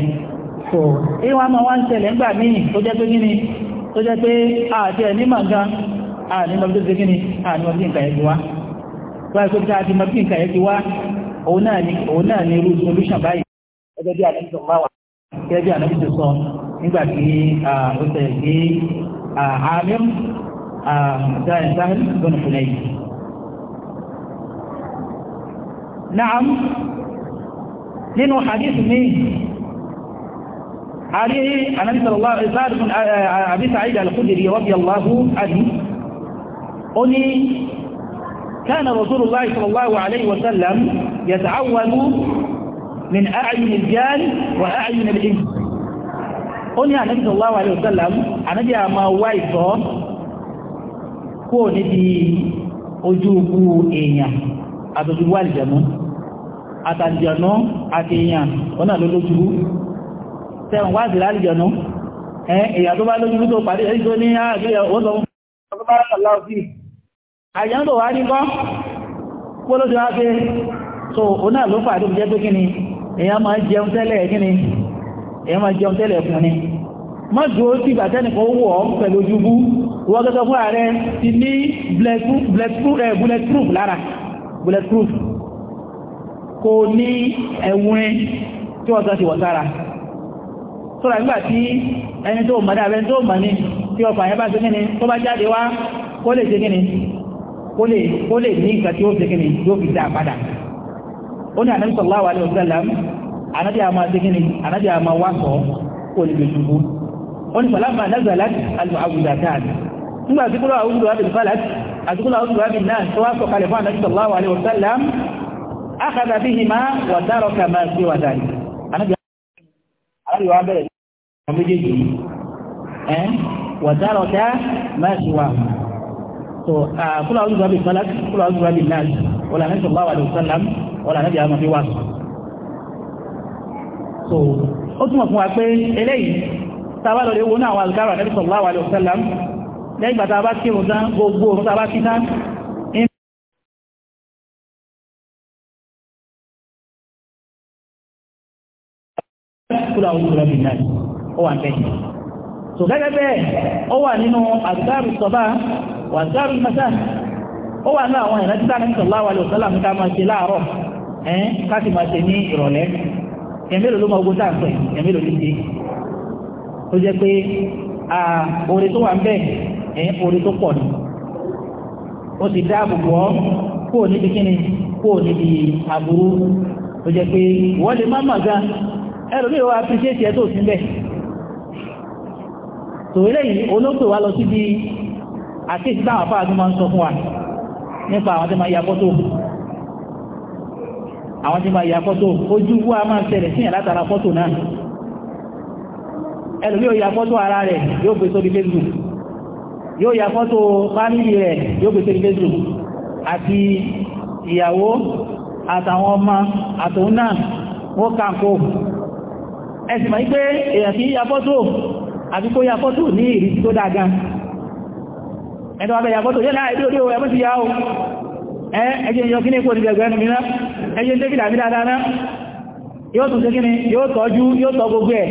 so èyí wọ́n máa wá ń ṣẹlẹ̀ ńgbà míì tó jẹ́ pé gíní tó jẹ́ pé àti ẹ̀ ní màá gan àní lọ sí gíní àní lọ sí nǹkan ẹ̀kí wá wáyé ni òun náà ni irú solution báyìí gẹ́gẹ́ bí àdébí tó bá wà gẹ́gẹ́ bí àdébí tó sọ nígbà tí ó tẹ̀ sí àmì dáhìn nínú hadith mi عليه النبي صلى الله عليه وسلم أبي سعيد الخدري رضي الله عنه أني كان رسول الله صلى الله عليه وسلم يتعوذ من أعين الجان وأعين الإنس أني النبي صلى الله عليه وسلم أنا جاء ما وايضا كوني دي أجوب إياه أتجوال جنو أتجنو أتيان أنا لولو seven wá sí láàrín jọ̀nú ẹ̀yà tó bá lójú tó pàdé ẹ̀yí tó ní àgbéyà ah, ó lọ àyàn tó wá ní kọ́ póló ti wá pé so o ló pàdé jẹ́ pé kíni èyàn máa jẹun tẹ́lẹ̀ kíni èyàn máa jẹun tẹ́lẹ̀ fún ni má dúró sí ìgbà tẹ́nìkan wọ̀ ọ́ pẹ̀lú ojúbú wọ́n gẹ́gẹ́ fún ààrẹ ti ní bulletproof eh, lára bulletproof kò ní ẹ̀wùn tí wọ́n sọ ti wọ̀ sára sọ́ra nígbà tí ẹni tó mọ̀ dáa ẹni tó mọ̀ ní tí ọkọ̀ àyẹ́ bá ṣe kíni tó bá jáde wá kó lè ṣe kíni kó lè ní nǹkan tí ó ṣe kíni yóò fi dáa padà ó ní ànábì sallallahu alaihi wasallam ànábì àmà ṣe kíni ànábì àmà wá sọ kó lè lè dùbú ó ní al-mu'awwidhatan nígbà tí kúrò àwùjọ àbí falak àti kúrò àwùjọ àbí náà tó wá sọ kalẹ̀ bẹ̀rẹ̀ méjèèjì ẹ́ wàtàrọ̀ dá máa ṣe wà so kúlọ̀ ọdún bá bí falak kúlọ̀ ọdún bá bí náà wọ́la náà sọ̀rọ̀ àwọn ìsọ́lám a máa fi wà so ó túnmọ̀ fún wa pé eléyìí tàbá lọ lè wo náà àwọn algára náà sọ̀rọ̀ àwọn ìsọ́lám lẹ́yìn kúlọ̀ ọdún bá bí náà ó wà bẹ́ẹ̀ so gẹ́gẹ́ bẹ́ẹ̀ ó wà nínú àgbáàrù sọ́bà wà àgbáàrù mẹ́ta ó wà ní àwọn ìrántí sáà nípa sallallahu alaihi wasallam ká máa ṣe láàárọ̀ ẹ̀ ká sì máa ṣe ní ìrọ̀lẹ́ ẹ̀mẹ́lò ló máa ogun sáà pẹ̀ ẹ̀mẹ́lò ní ṣe ó jẹ́ pé oore tó wà ń bẹ̀ ẹ̀ oore tó ni ó ti dáàbò bọ́ kúrò níbi kíni kúrò níbi àbúrú ó tó sí bẹ́ẹ̀ tòwélé yìí olóòpè wá lọ sí bí àkéèsí táwọn afáàdú máa ń sọ fún wa nípa àwọn tí máa ya fọ́tò àwọn tí máa ya fọ́tò ojú wa máa ń ṣẹlẹ̀ síyàn látara fọ́tò náà ẹlòmí yóò ya fọ́tò ara rẹ̀ yóò gbé sórí Facebook yóò ya fọ́tò fámìlì rẹ̀ yóò gbé sórí Facebook àti ìyàwó àtàwọn ọmọ àtòun náà wọ́n kàǹkó ẹ̀sìn máa ń pé èèyàn kì í fọ́tò àbí kó ya fọ́tò ní ìrísí tó dáa gan ẹ̀dọ́ abẹ́ ya fọ́tò yẹ́ láàrín lórí ẹ̀ mọ́sí ya o ẹjẹ́ yọ kí ní kò nílẹ̀ ẹgbẹ̀rún mìíràn ẹjẹ́ tẹ́kì dàmí dáadáa yóò tún tẹ́kì ní yóò tọ́jú yóò tọ́ gbogbo ẹ̀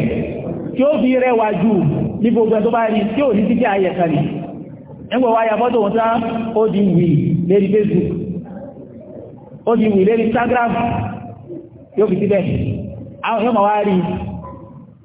tí ó fi rẹwà jù ní gbogbo ẹ̀ tó bá rí tí ò ní títí ayẹ̀ kan ní ẹgbẹ̀ wá ya fọ́tò wọn ó di wì lérí Facebook ó di wì lérí Instagram yóò fi síbẹ̀ àwọn yóò máa wá rí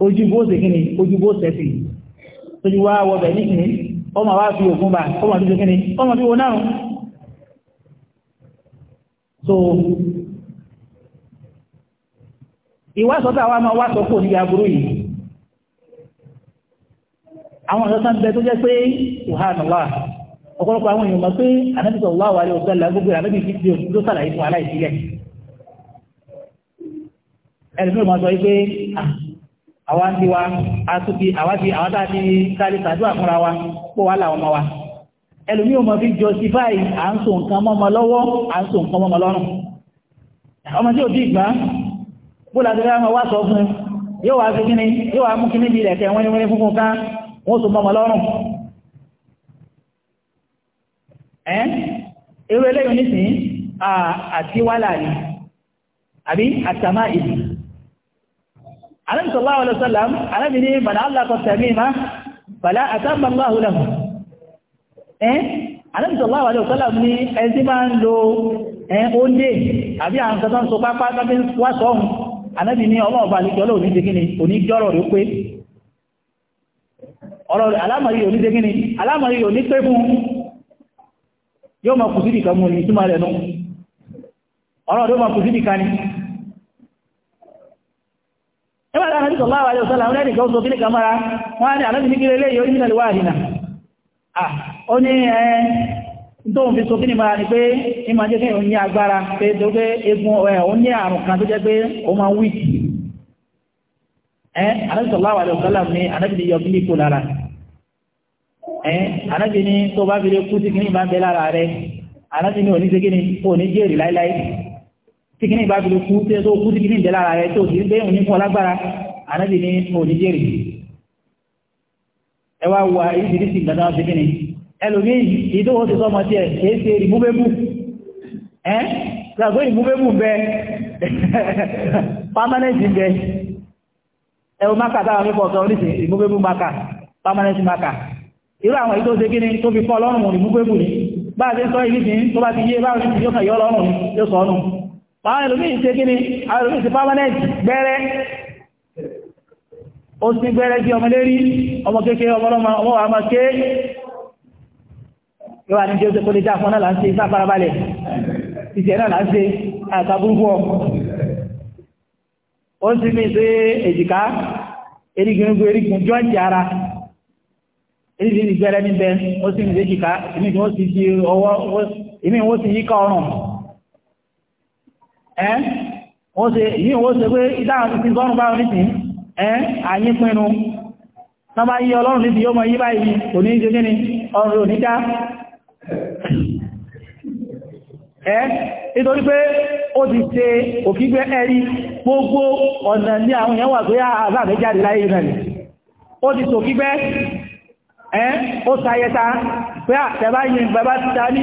ojúbó se kí ni ojúbó sẹ́sì tójú wá wọ́bẹ̀ ní kí ni ọmọ wá fi ògùn ọmọ tó kí ni ọmọ tó wọ náà so ìwásọ́tà wa máa wá sọ́kò ní aburú yìí àwọn ọ̀sán ń bẹ tó jẹ́ pé ìhànàlá ọ̀pọ̀lọpọ̀ àwọn èèyàn mọ̀ pé anábìsọ̀ wà wà lẹ́wọ̀ gbogbo àwa ń tiwa àtúkì àwádìí àwádá ti kárí sàdúrà fúnra wa pò wá làwọn ọmọ wa ẹlòmí ò mọ̀ fi justify à ń so nǹkan mọ́mọ lọ́wọ́ à ń so nǹkan mọ́mọ lọ́rùn ọmọ tí ò tí ìgbà bó la ti rí ọmọ wá sọ fún yóò wá fi kíni yóò wá mú kíni bí ilẹ̀kẹ̀ wọ́n ní wọ́n ní fúnfún ká wọ́n so mọ́mọ lọ́rùn ẹ́ irú eléyìí nísìnyí àti wálà ni àbí àtàmá ìdí Ànábì sallallahu alaihi wasallam Ànábì ní man allaqa tamima fala atamma Allahu lahu ẹ́ Ànábì sallallahu alaihi wasallam ní ẹni tí máa ń lo oúnjẹ àbí àwọn kan tó ń so pápá tábí wá sọ́hun Ànábì ní ọmọ ọba àlejò ọlọ́run ní ṣegíní oníjọ́rọ̀ rí pé ọ̀rọ̀ alámọ̀rí yóò ní ṣegíní wọ́n lára nàbí sọ̀lá àwàjọ sọ́lá wọ́n lẹ́nìkan sọ kílẹ̀ kamara wọ́n ní àlọ́bì ní na lẹ́yìn a ìwà àhìnà ẹ tó fi sọ kí ni mara ni pé ìmọ̀ jẹ́ kí òun ní agbára pé tó pé egun ẹ̀ òun àrùn kan tó jẹ́ pé ó máa ń ẹ àlọ́bì sọ̀lá sọ́lá ní yọ kó lára tó bá fi kú sí kí ìbá ń bẹ lára rẹ ní tí kìíní bá gbìlò kú tí ó kú tí kìíní ìdẹ́lára rẹ̀ tó ti gbé òní fún ọlágbára ànábì ní òdíjẹ́rì ẹ wá wà ìdírísì ìgbàdá ti kìíní ẹlòmíì ìdówó ti sọmọ tí ẹ kìí ṣe ìmúbébù ẹ gbàgbé ìmúbébù bẹ pámánẹ́ǹtì bẹ ẹwọ máka táwọn akẹ́kọ̀ọ́ sọ oníṣẹ́ ìmúbébù máka pámánẹ́ǹtì máka irú àwọn ìdó ṣe kìíní tó fi kọ́ lọ́rùn ìmúbébù ni bá a ṣe sọ ìrísìn tó bá ti yé báwọn ìrísìn yóò kàn yọ lọ́rùn yóò sọ ọ́nù Báwọn ìlú ní ṣe kí ni, àwọn ìlú ti permanent gbẹ́rẹ́, ó sì gbẹ́rẹ́ bí ọmọ lérí, ọmọ kéèkéé ọmọlọ́mọ ọmọ wà máa ké, yóò wà ní jẹ́ òṣèkó lè já fún náà láti sá farabalẹ̀, ìṣẹ́ náà láti àkà burúkú ọ. Ó sì mí sí èjìká, erigungun erigun jọ́ǹtì ara, erigun gbẹ́rẹ́ níbẹ̀, ó sì mí sí èjìká, ìmí wọ́n sì yíká ọrùn ẹ́ wọ́n ṣe yíò wọ́n ṣe pé ìdáhùn ti sọ́run bá orí tìí ẹ́ àyí pinnu náà bá yí ọlọ́run níbi yóò mọ̀ yí báyìí kò ní ṣe gíní ọrùn oníká ẹ́ nítorí pé ó ti ṣe òkígbẹ́ ẹ̀rí gbogbo ọ̀nà ní àwọn èèyàn wà tó yá àbáàbẹ́ jáde láyé rẹ̀ ó ti ṣòkígbẹ́ ẹ́ ó sayẹta pé àtẹ́bá ah, yìí bàbá ti ta ní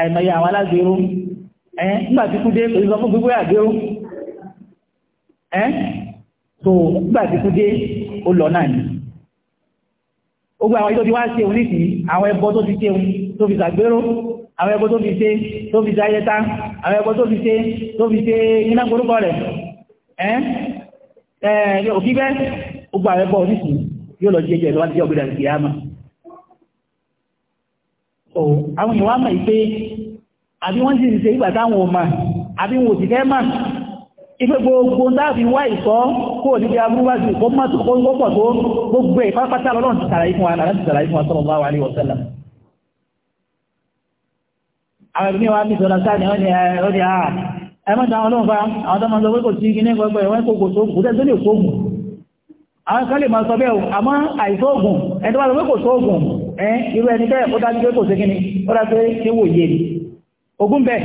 àìmọye àwọn alágbèrú ẹ́n nígbàtí kú dé ìsọ fún gbígbé àgbérú ẹ́n tó nígbàtí kú dé ó lọ náà ni ogbà àwọn ìtọ́jú wá ṣeun nìsí àwọn ẹbọ tó fi ṣeun tó fi ṣàgbérú àwọn ẹbọ tó fi ṣe tó fi ṣayẹta àwọn ẹbọ tó fi ṣe tó fi ṣe iná gbórúkọ rẹ̀ ẹ́n ẹ̀ẹ́ òkígbẹ́ ogbà àwọn ẹbọ nìsí yóò lọ jẹjẹ lọ́wọ́ àwọn èèyàn wá mọ̀ pé àbí wọ́n sì ń ṣe ìgbà táwọn ọmọ àbí wọn ò sì fẹ́ mọ̀ ife gbogbo dáàbí wá ìsọ́ kó o níbi abúrúwá sí kó mọ̀ tó kó pọ̀ tó gbogbo ẹ̀ pápátá lọ́nà ti sàlàyé fún wa náà láti sàlàyé fún wa sallallahu alaihi wasallam àwọn ẹ̀bí wa ní sọ̀rọ̀ sáà ní ọdí àà ẹmọ́ta àwọn olóǹfà àwọn tó máa sọ pé kò sí gíní gbogbo ẹ̀wọ́n kò ẹ́ irú ẹni bẹ́ẹ̀ ó dájú pé kò sí kíni ó dájú pé kí wò yé ni ogun bẹ̀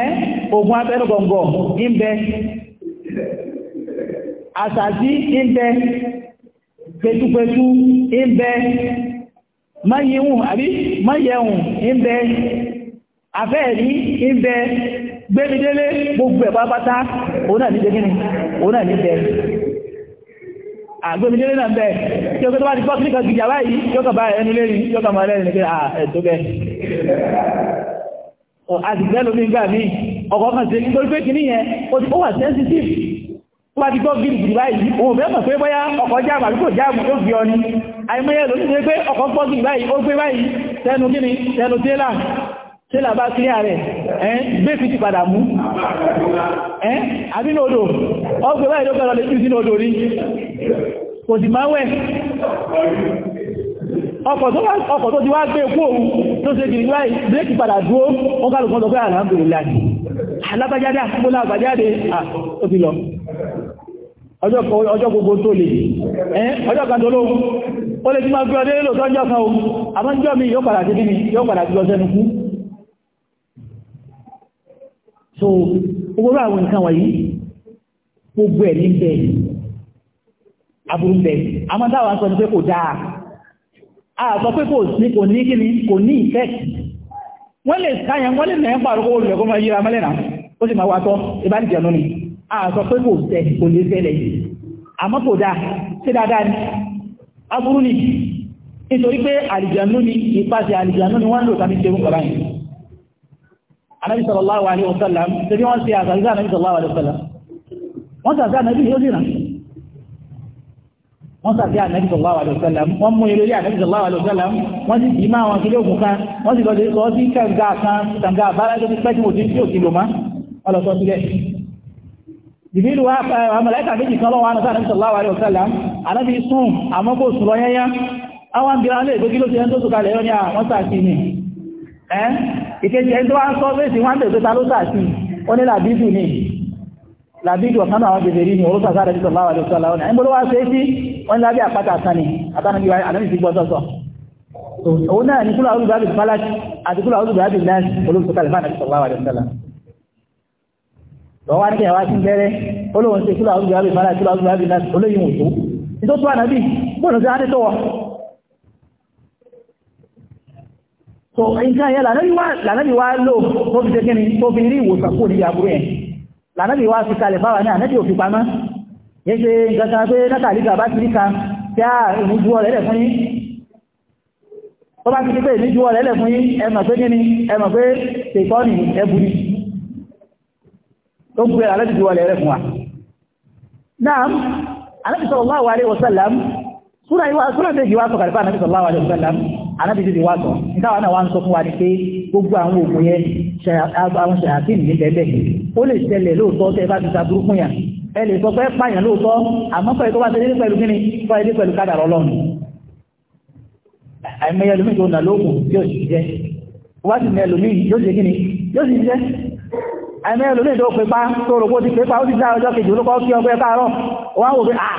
ẹ́ ogun abẹ́nugọ̀ngọ̀ ń bẹ àṣàjí ń bẹ pẹtupẹtu ń bẹ mayehun àbí mayehun ń bẹ àfẹ́ẹ̀rí ń bẹ gbẹ́mídélé gbogbo ẹ̀ pátápátá òun náà ní àgbẹ̀mílẹ̀ náà bẹ́ẹ̀ tí ó kọ́ tó bá ti pọ́ kíníkan gìjà báyìí yóò kà bá ẹnu lérí yóò kà máa lẹ́rìn pé ẹ̀tọ́ bẹ́ẹ̀ àtìgbẹ́ lómi ń gbà mí ọkọ̀ kan sí nítorí pé kìíní yẹn ó wà sensitive tó bá ti gbọ́ gìrìgìrì báyìí òun bẹ́ẹ̀ mọ̀ pé bóyá ọkọ̀ jáàmù àbí kò jáàmù tó fi ọ ni àìmọye lómi ṣe pé ọkọ̀ gbọ́ gìrì báyìí ó gbé báyìí tẹnu kíni tẹnu tẹ́là tẹ́là bá kílíà rẹ̀ ẹ́ gbé fi ti padà mú ẹ́ àbí ní odò ọgbẹ̀ báyìí ló lè jù sí ní odò rí kò sì máa ọkọ̀ tó ti wá gbé kú òun tó ṣe gìrì láì bírékì padà dúó ó kálù kan lọ́gbẹ́ àlàmbìrìlá alábájáde so gbogbo àwọn nǹkan wọ̀nyí gbogbo ẹ̀ ní bẹ́ẹ̀ aburú bẹ́ẹ̀ àmọ́ táwa sọ ní pé kò dáa a sọ pé kò ní kò ní kíni kò ní ìfẹ́ wọ́n lè sáyẹn wọ́n lè mẹ́rin pàrọ̀ kó olùyẹ̀kọ́ máa yíra mọ́lẹ́nà ó sì máa wá tọ́ ìbánìjẹ̀nú ni a sọ pé kò tẹ̀ kò ní ṣẹlẹ̀ àmọ́ kò dáa ṣe dáadáa ni aburú ni nítorí pé àlìjẹ̀nú ni ipasẹ̀ àlìjẹ̀nú ni wọ́n lò tàbí ṣerú kọ̀ọ̀bá yìí anábì sallallahu alaihi wasallam tẹ́bí wọ́n sí àtàrísà anábì sallallahu alaihi wasallam wọ́n sàtẹ́ anábì yóò dìnà wọ́n sàtẹ́ anábì sallallahu alaihi wasallam wọ́n mú ilé anábì sallallahu alaihi wasallam wọ́n sì kìí máa wọn kílé òkun kan wọ́n sì lọ́dẹ̀ sọ sí kànga kan kànga àbára tó ti pẹ́kì òtí tí ò ti lò má ọlọ́sọ sílẹ̀ ìbílù amọ̀lẹ́kà méjì kan lọ́wọ́ anábì sallallahu alaihi wasallam anábì sùn àmọ́ kò sùn lọ ìkejì ẹni tó wá ń sọ fèsì wọ́n tẹ̀ pẹ́ta ló sàtì ó ní làbídù ní làbídù ọ̀kan àwọn bèbè rí ní orúkọ sára ní sọ̀lá àwàlẹ̀ sọ̀lá ọ̀nà ẹgbẹ́ ló wá ṣe sí wọ́n lábẹ́ àpáta kan ni àtànàbí wa àdánì ti gbọ́dọ̀ sọ òun náà ní kúlà olùgbà bíi falaki àti kúlà olùgbà bíi nẹ́ẹ̀sì olóòtú kàlífà náà sọ̀lá àwàlẹ̀ sọ̀lá lọ́wọ́ wá ní kẹwàá sí bẹ́rẹ́ olóòtú kúlà olùgbà bíi falaki kúlà olùgbà bíi nẹ́ẹ̀sì olóyìn òtó nítorí tó ànábì bóòlù sí adé tó wọ so nǹkan yẹn lànàbí wá lò tó fi tẹ́kíní tó fi rí ìwòsàn kò ní àbúrú ẹ̀ lànàbí wá fi kalẹ̀ fáwà náà nẹ́bí òfin pamọ́ yẹ́ ṣe nǹkan pé látàlíkà bá ti ríka tí a ìmújúwọ́ rẹ̀ fún yí tó bá ti rí pé ìmújúwọ́ rẹ̀ fún yí ẹmọ̀ pé kíní ẹmọ̀ pé tèkọ́nì ẹbùrí tó gbé alẹ́bìjúwọ́ rẹ̀ fún wa náà alẹ́bìsọ̀rọ̀ súra ìwà súra tẹ́jì wá sọ kàrífà ànábì sallallahu alaihi wasallam ànábì tẹ́jì wá sọ nítawà náà wá ń sọ fún wa ní pé gbogbo àwọn òògùn yẹn àwọn ṣàyàfíìnì ní bẹ́ẹ̀ ó lè ṣẹlẹ̀ lóòótọ́ tẹ́ bá ti ta burúkú yàn ẹ lè sọ pé pààyàn lóòótọ́ àmọ́ pẹ̀lú tó bá ti dé pẹ̀lú kíni tó bá ti dé pẹ̀lú kádàrá ọlọ́run àìmọye ẹlòmíì tó nà lóògùn yóò sì jẹ wá sì ní ẹlòmíì yóò sì kíni yóò sì jẹ àìmọye ẹlòmíì tó pépá tó rògbò ti pépá ó ti dá ọjọ́ kejì olókọ́ kí ọgbẹ́ káàárọ̀ wọ́n á wò pé ah,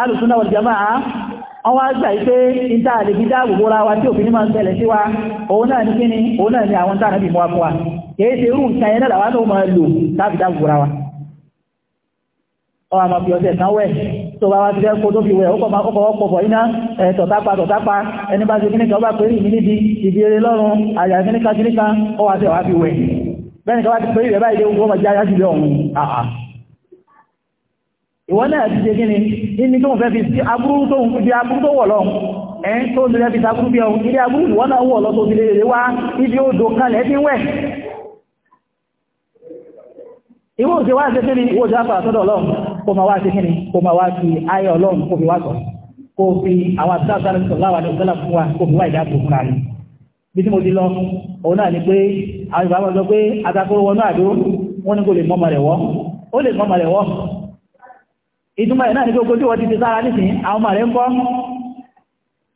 alùsúnà wal jamaa wọ́n wá gbà ipé ìta àlèbí dáàbòbò ra wa tí òfin máa ń tẹ̀lẹ̀ sí wa òun náà ní kíni òun náà ní àwọn tánà mọ́ wa kìí ṣe irú nǹkan ẹ̀nà làwọn náà máa lò láti dáàbòbò ra wa ọwọ́ àmọ́ fi ọ̀sẹ̀ kan wẹ̀ tó bá wá ti fẹ́ kó tó fi wẹ̀ ó kọ̀ọ̀mọ́ ọkọ̀ ọkọ̀ bọ̀ iná tọ̀tápa tọ̀tápa ẹni bá ṣe kíníkan ọba pé ìmí níbi ìdí eré lọ́rùn àyà kíníkan kíníkan ó wá sí ọ̀wá fi wẹ̀ bẹ́ẹ̀ ni ká wá ti pé ìrẹ́ báyìí lé ogun ọmọ jẹ́ ayájú lé ọ̀hún ìwọ náà ti ṣe gíní ní tó ń fẹ́ fi sí aburú tó ń fi aburú tó wọ̀ lọ ẹ̀yìn tó ń fi aburú bí ọun ilé aburú ìwọ náà wọ̀ lọ tó ti lè wá ibi odò kalẹ̀ tí wẹ̀ ìwọ òṣè wá ṣe kí ni ìwọ òṣè wá sọ́dọ̀ ọlọ́run kó ma wá ṣe kí ni kó ma wá fi ayé ọlọ́run kó fi wá sọ kó fi àwọn àbúrò sallallahu alaihi wasallam fún wa kó fi wá ìdáàbò fúnra rẹ̀ bí tí mo ti lọ òun náà ni pé àwọn ìbámu sọ pé atakóró wọnú àdó wọn ni kò lè mọ́mọ rẹ̀ wọ́ ó lè mọ́mọ rẹ̀ wọ́ ìtumọ̀ ẹ̀ náà ní gbogbo tí wọ́n ti ti sára nísìn àwọn ọmọ rẹ̀ ń kọ́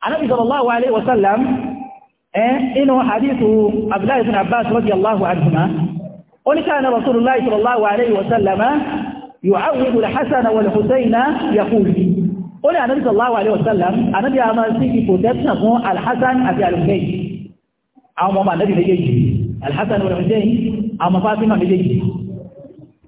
anábì sallallahu alaihi wasallam ẹ́ inú hadithu abdullahi ibn abbas radiyallahu anhuma ó ní kana rasulullahi sallallahu alaihi wasallam yu'awwidu al-hasan wal-husayna yaqulu ó ní anábì sallallahu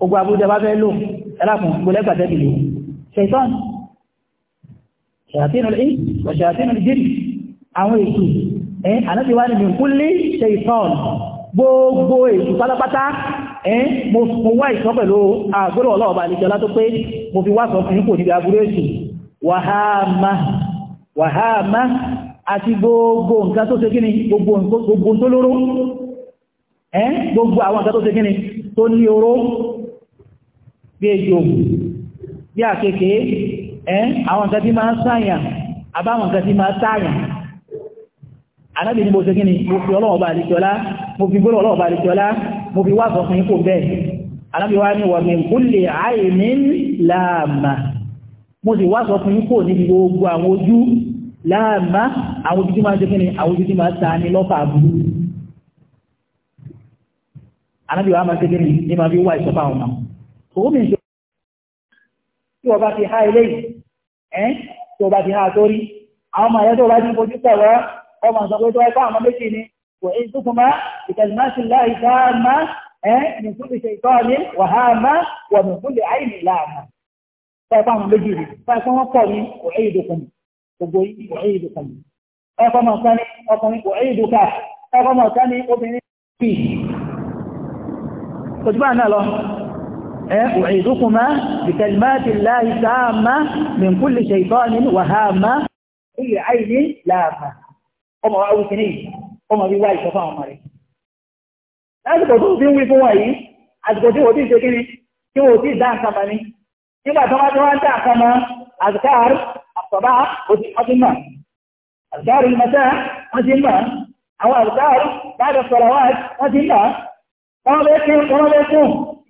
ogun abúrúdẹ bá fẹ́ lò ẹlákùn gbọ́lẹ́gbàtẹ́ bìí ṣẹ̀tọ́n ṣàtínú ìs ṣàtínú ìjìn àwọn ètò ẹ́ ànáti wá nìmi kúlé ṣẹ̀tọ́n gbogbo ètò pátápátá ẹ́ mo wá ìṣọ́ pẹ̀lú àgbélò ọlọ́ọ̀bà àlejọ́lá àti gbogbo nǹkan tó ṣe kí ni gbogbo tó lóró ẹ́ gbogbo àwọn nǹkan tó ṣe kí ni tó ní oró bí ejò bí àkekèé ẹ́ àwọn nǹkan tí máa ń sáyàn àbáwọn nǹkan tí máa sáyàn anábì ní mo ṣe kíni mo fi ọlọ́wọ́ bá àdìsọ́lá mo fi gbọ́lọ̀ ọlọ́wọ́ bá àdìsọ́lá mo fi wá sọ fún ipò bẹ́ẹ̀ anábì wá ní wọ̀mí kúlè àìní láàmà mo sì wá sọ fún ipò níbi gbogbo àwọn ojú láàmà àwọn ojú tí máa ṣe ṣe kíni ní máa fi wá ìsọ́fà ọ̀nà òun mi ṣe tí wọ́n ti há ilé ẹ́ tí wọ́n ti há sórí àwọn ọmọ ẹ̀yẹ́ tó bá pẹ̀wọ́ ọmọ pé tó àwọn méjì ni kò tó ẹ́ ìṣe lè láàmà àwọn méjì ni wọn pọ̀ ní kò أعيدكما بكلمات الله التامة من كل شيطان وهامة كل عين لامة ọmọ àwọn òkèrè ọmọ wíwá ìṣọ́fà ọmọ rẹ̀ lásìkò tó fi ń wí fún wọn yìí àsìkò tí wò tí ṣe kíni tí wò tí dá nǹkan mọ́ ni nígbà tó wọ́n tó wọ́n dá nǹkan àzùkárù àtọ̀bá òtí ọdún náà àzùkárù ìmọ̀tá wọ́n ti mọ̀ àwọn àzùkárù bá dọ̀ sọ̀rọ̀ wọ́n ti mọ̀ wọ́n bẹ́ẹ̀ kún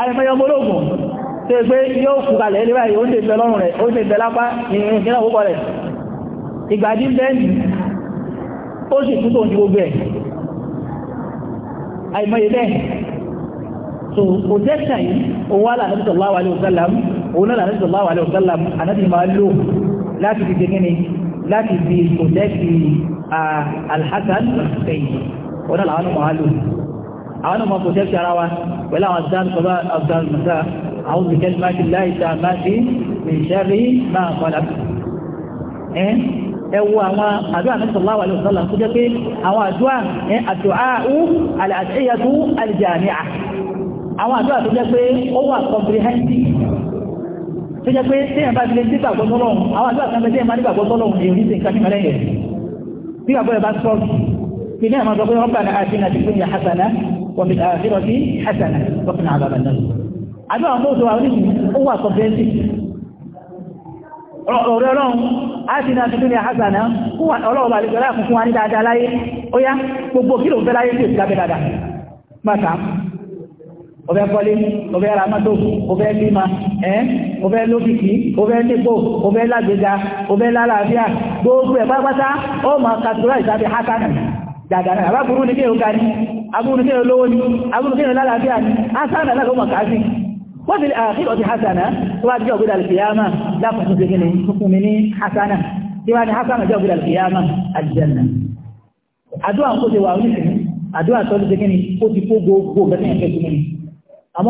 àìmọye ọmọ ológun tó gbé yóò kú kalẹ̀ ilé báyìí ó ń tèbẹ̀ lọ́rùn rẹ̀ ó ń tèbẹ̀ lápá ìrìnkínà òkú rẹ̀ ìgbàdí so protection yìí òun wà lànà sallallahu alaihi wasallam òun náà lànà sallallahu alaihi wasallam ànábì máa lò láti fi dégínì láti fi protect ah, alhassan ṣe yìí òun náà làwọn máa lò àwọn ọmọ kò tẹ́sí ara wa pẹ̀lú àwọn àdánùkọ́bá àdánùmọ́ta àwọn òbíkẹ́lì máa ti láì sáà máa ti ìṣẹ́rí máa padà ẹ wo àwọn àdúrà ní sallallahu alaihi wasallam kó jẹ́ pé àwọn àdúrà ní àdúràú àdúràtú àlìjàmíà àwọn àdúrà tó jẹ́ pé ó wà comprehensive tó jẹ́ pé tí ẹ̀bá ti lè sí ìgbàgbọ́ tọ́lọ́run àwọn àdúrà kan tí ẹ̀bá nígbàgbọ́ tọ́lọ́run èyí sí nǹkan nígbà wọ́n fi àfihàn sí ẹ̀sẹ̀nà lọ́kùnrin àbàbà náà àbí àwọn tó wà oníṣìí ó wà kọ̀fẹ́ǹsì ọ̀rẹ́ ọlọ́run a ti náà tuntun ní àhásànà ọlọ́run bá lè gbẹ́lá fún fún wa ní dáadáa láyé ó yá gbogbo kí ló fẹ́ láyé tí ò sí lábẹ́ dáadáa mọ́ta ọbẹ̀ kọ́lé ọbẹ̀ ramato ọbẹ̀ bímá ẹ́ ọbẹ̀ lókìkí ọbẹ̀ nípò ọbẹ̀ lágbèga ọbẹ̀ lálàáfíà gbogbo ẹ̀ pátápátá ó máa kàtúrà ìsáfẹ́ hákánà dàdàrà àbábúrú ní kéèyàn ká ní abúrú kéèyàn lówó ní abúrú kéèyàn lálàáfíà ní asánà lálọ́mọ̀ káàsì wọ́n fi àkíkọ̀ ti hasana tó bá jẹ́ ògbédà alfiyama lápùsù sí wá jẹ́ ògbédà alfiyama aljanna tó ti kíni ó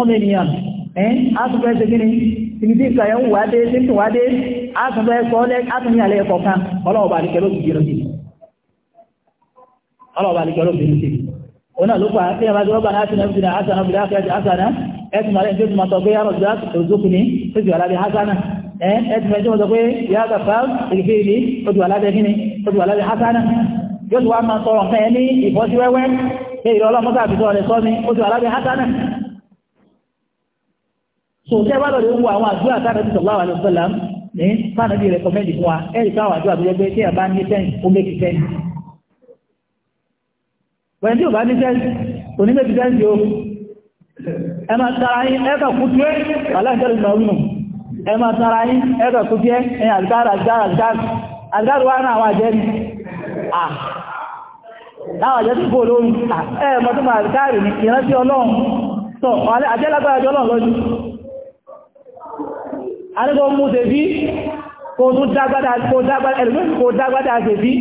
mi ní alẹ́ ọlọ́ọ̀bá àlejò ló fi ní síbi òun náà ló pa ní ọba ìjọba náà ti nàbìdì náà hasana bìdì ákẹ́jì hasana ẹtùmọ̀ rẹ̀ tó túnmọ̀ sọ pé yàrá òjò òzókù ní tó ti wà lábẹ́ hasana ẹtùmọ̀ tó sọ pé yàrá gàfà ìrìfẹ́ ìlú tó ti wà lábẹ́ kíni tó ti wà lábẹ́ hasana yóò ti wá máa sọ ọ̀fẹ́ ní ìfọ́síwẹ́wẹ́ pé ìrọ̀ ọlọ́mọ́sá àfihàn rẹ̀ sọ wọ́n tí ò bá ní sẹ́ǹsì onímẹ̀tì sẹ́ǹsì o ẹ máa tara yín ẹ́kà kútú ẹ́ aláìsẹ́lẹ̀ ìgbà orí nù ẹ máa tara yín ẹ́kà kútú ẹ́ ẹ̀yìn àdìgáàrù àdìgáàrù àdìgáàrù àdìgáàrù wá náà wà jẹ́ ni láwọn àjẹ́ tó bóòló ẹ̀ mọ́ tó máa àdìgáàrù ní ìrántí ọlọ́run tọ́ àjẹ́ lágbára jọ ọlọ́run lọ́jú arígbó mú tèbí kò tún dágbádá kò dágbádá ẹ̀lùmí kò dágbádá tèbí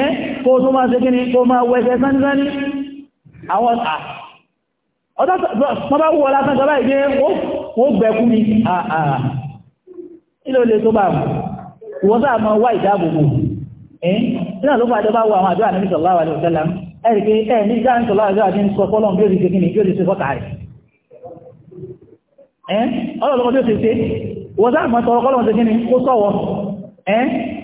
ẹ́ kó tó máa ṣe kíni kó máa wẹ́ṣẹ́ sánísáni àwọn ọ̀tọ́bá wọ́ lásán tọ́bá ìdí wó gbẹ̀kú mi àà ilé olè tó bá wọ́n sáà máa wá ìdáàbòbò ẹ́ náà ló fàájọ́ bá wọ àwọn àjọ́ àníbì sallallahu alaihi wasallam ẹ̀rìkẹ́ ẹ̀ ní ìjá ń sallallahu alaihi wasallam sọ fọ́lọ́n bí ó ti ṣe kíni bí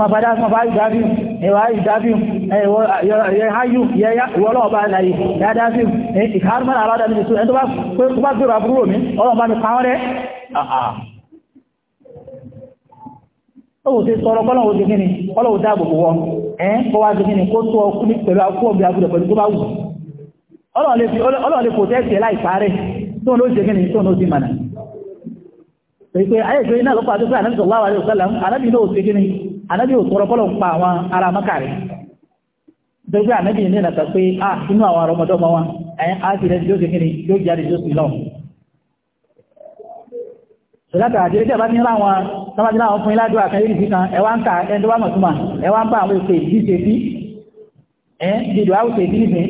mafada mafa idabiu ewa idabiu ye hayu ye ya wọlọ ọba alaye ya ní ìṣú ẹni ya bá gbèrò àbúrò mi ọlọ́run bá mi pa wọ́n iná lọ́pàá tó fẹ́ anábì ò tọrọ kọ́lọ̀ ń pa àwọn ará mọ́kàrí gbogbo anábì ní ìlànà pé a inú àwọn ọmọdọ́mọ wọn ẹ̀yìn á sì rẹ̀ yóò ṣe kíni yóò jáde yóò sì lọ sọ̀dátà àti ẹgbẹ́ bá ní láwọn sọmọdé láwọn fún iládùn àkẹ́yìn ìdí kan ẹwà ń ka ẹni tó bá mọ̀ túmọ̀ ẹwà ń bá àwọn èpè ìdíje bí ẹ́ dìdò àwùjọ ìdí nìsín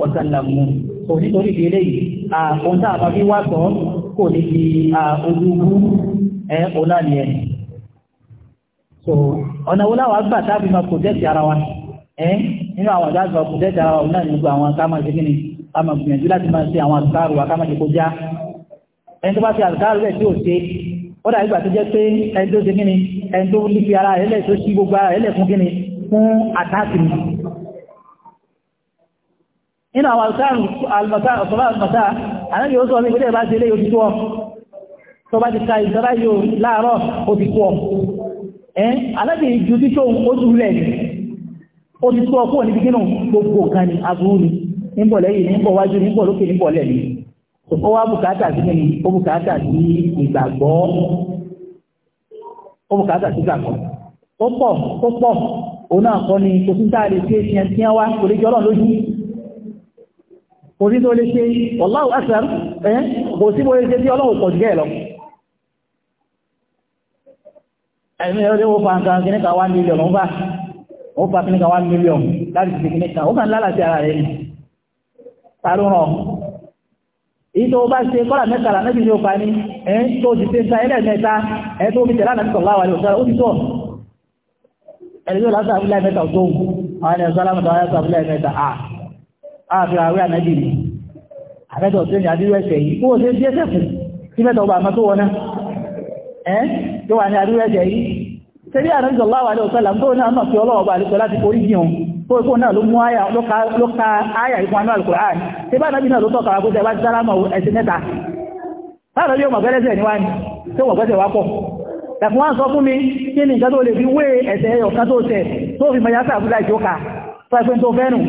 tẹ́ bá ń kò nítorí di eléyìí ohun tá a bá fi wá sọ kò ní di ojúgbú ẹ ọ̀la nìyẹn so ọ̀nà wo láwọn àgbà tábí máa kò tẹ́sí ara wa ẹ nínú àwọn àgbà àgbà kò tẹ́sí ara wa náà ní gbogbo àwọn ká ṣe kí ni ká máa gbìyànjú láti máa ṣe àwọn àgbà àrùwà ká máa ṣe kó já ẹni tó bá fi àgbà àrùwà tí ò ṣe ó dà ìgbà tó jẹ́ pé ẹni tó ṣe kí ni ẹni tó nífi ara rẹ̀ lẹ̀ tó ṣí gbogbo ara nínú àwọn alùsọ́lá ànábì ó sọ ní ìpínlẹ̀ bá ti lé òtítọ́ tó bá ti ka ìsọ́lá yóò láàárọ̀ òtítọ́ ẹ́ ànábì ju títọ́ oṣù rẹ̀ òtítọ́ kúrò níbi kínú gbogbo kan ní aburú ni níbọ̀ lẹ́yìn níbọ̀ wájú níbọ̀ lókè níbọ̀ lẹ́yìn ó wá bùkátà sí ní ó ni kò sí táà lè ṣe ṣe ẹni tí wọ́n wá kò lè jọ́rọ̀ kò sí tó lè ṣe wallahu akbar ẹ́ kò sí bóyé ṣe tí ọlọ́run pọ̀ jẹ́ lọ ẹ̀mí ẹ̀rọ lé wọ́n fa nǹkan kìnnìkan one million ó bá ó fa kìnnìkan one million láti fi kìnnìkan ó kàn lálàsí ara rẹ̀ ni tàbí ràn èyí tó bá ṣe kọ́là mẹ́tàlá mẹ́bí ní ọpa ní ẹ̀ tó ti ṣe ta ẹlẹ́ mẹ́ta ẹ̀ tó fi tẹ̀lá náà sallallahu alaihi ó ti tọ́ ẹ̀rẹ́ ààfin àwẹ́ ànájì ni àfẹ́tọ̀ tí ó ní adúrú ẹ̀ṣẹ̀ yìí kó o ṣe díẹ̀ṣẹ̀ fún sí mẹ́ta ọba àmọ́ tó wọ́n náà ẹ́ tó wà ní adúrú ẹ̀ṣẹ̀ yìí ṣe bí àrùn ẹ̀fún wá sọ fún mi kí ni ìjọ́ tó lè fi wé ẹ̀sẹ̀ ẹ̀yọ̀ tó tẹ̀ tó fi mọ̀ yá sáà fún ẹ̀fẹ́ tó fẹ́ràn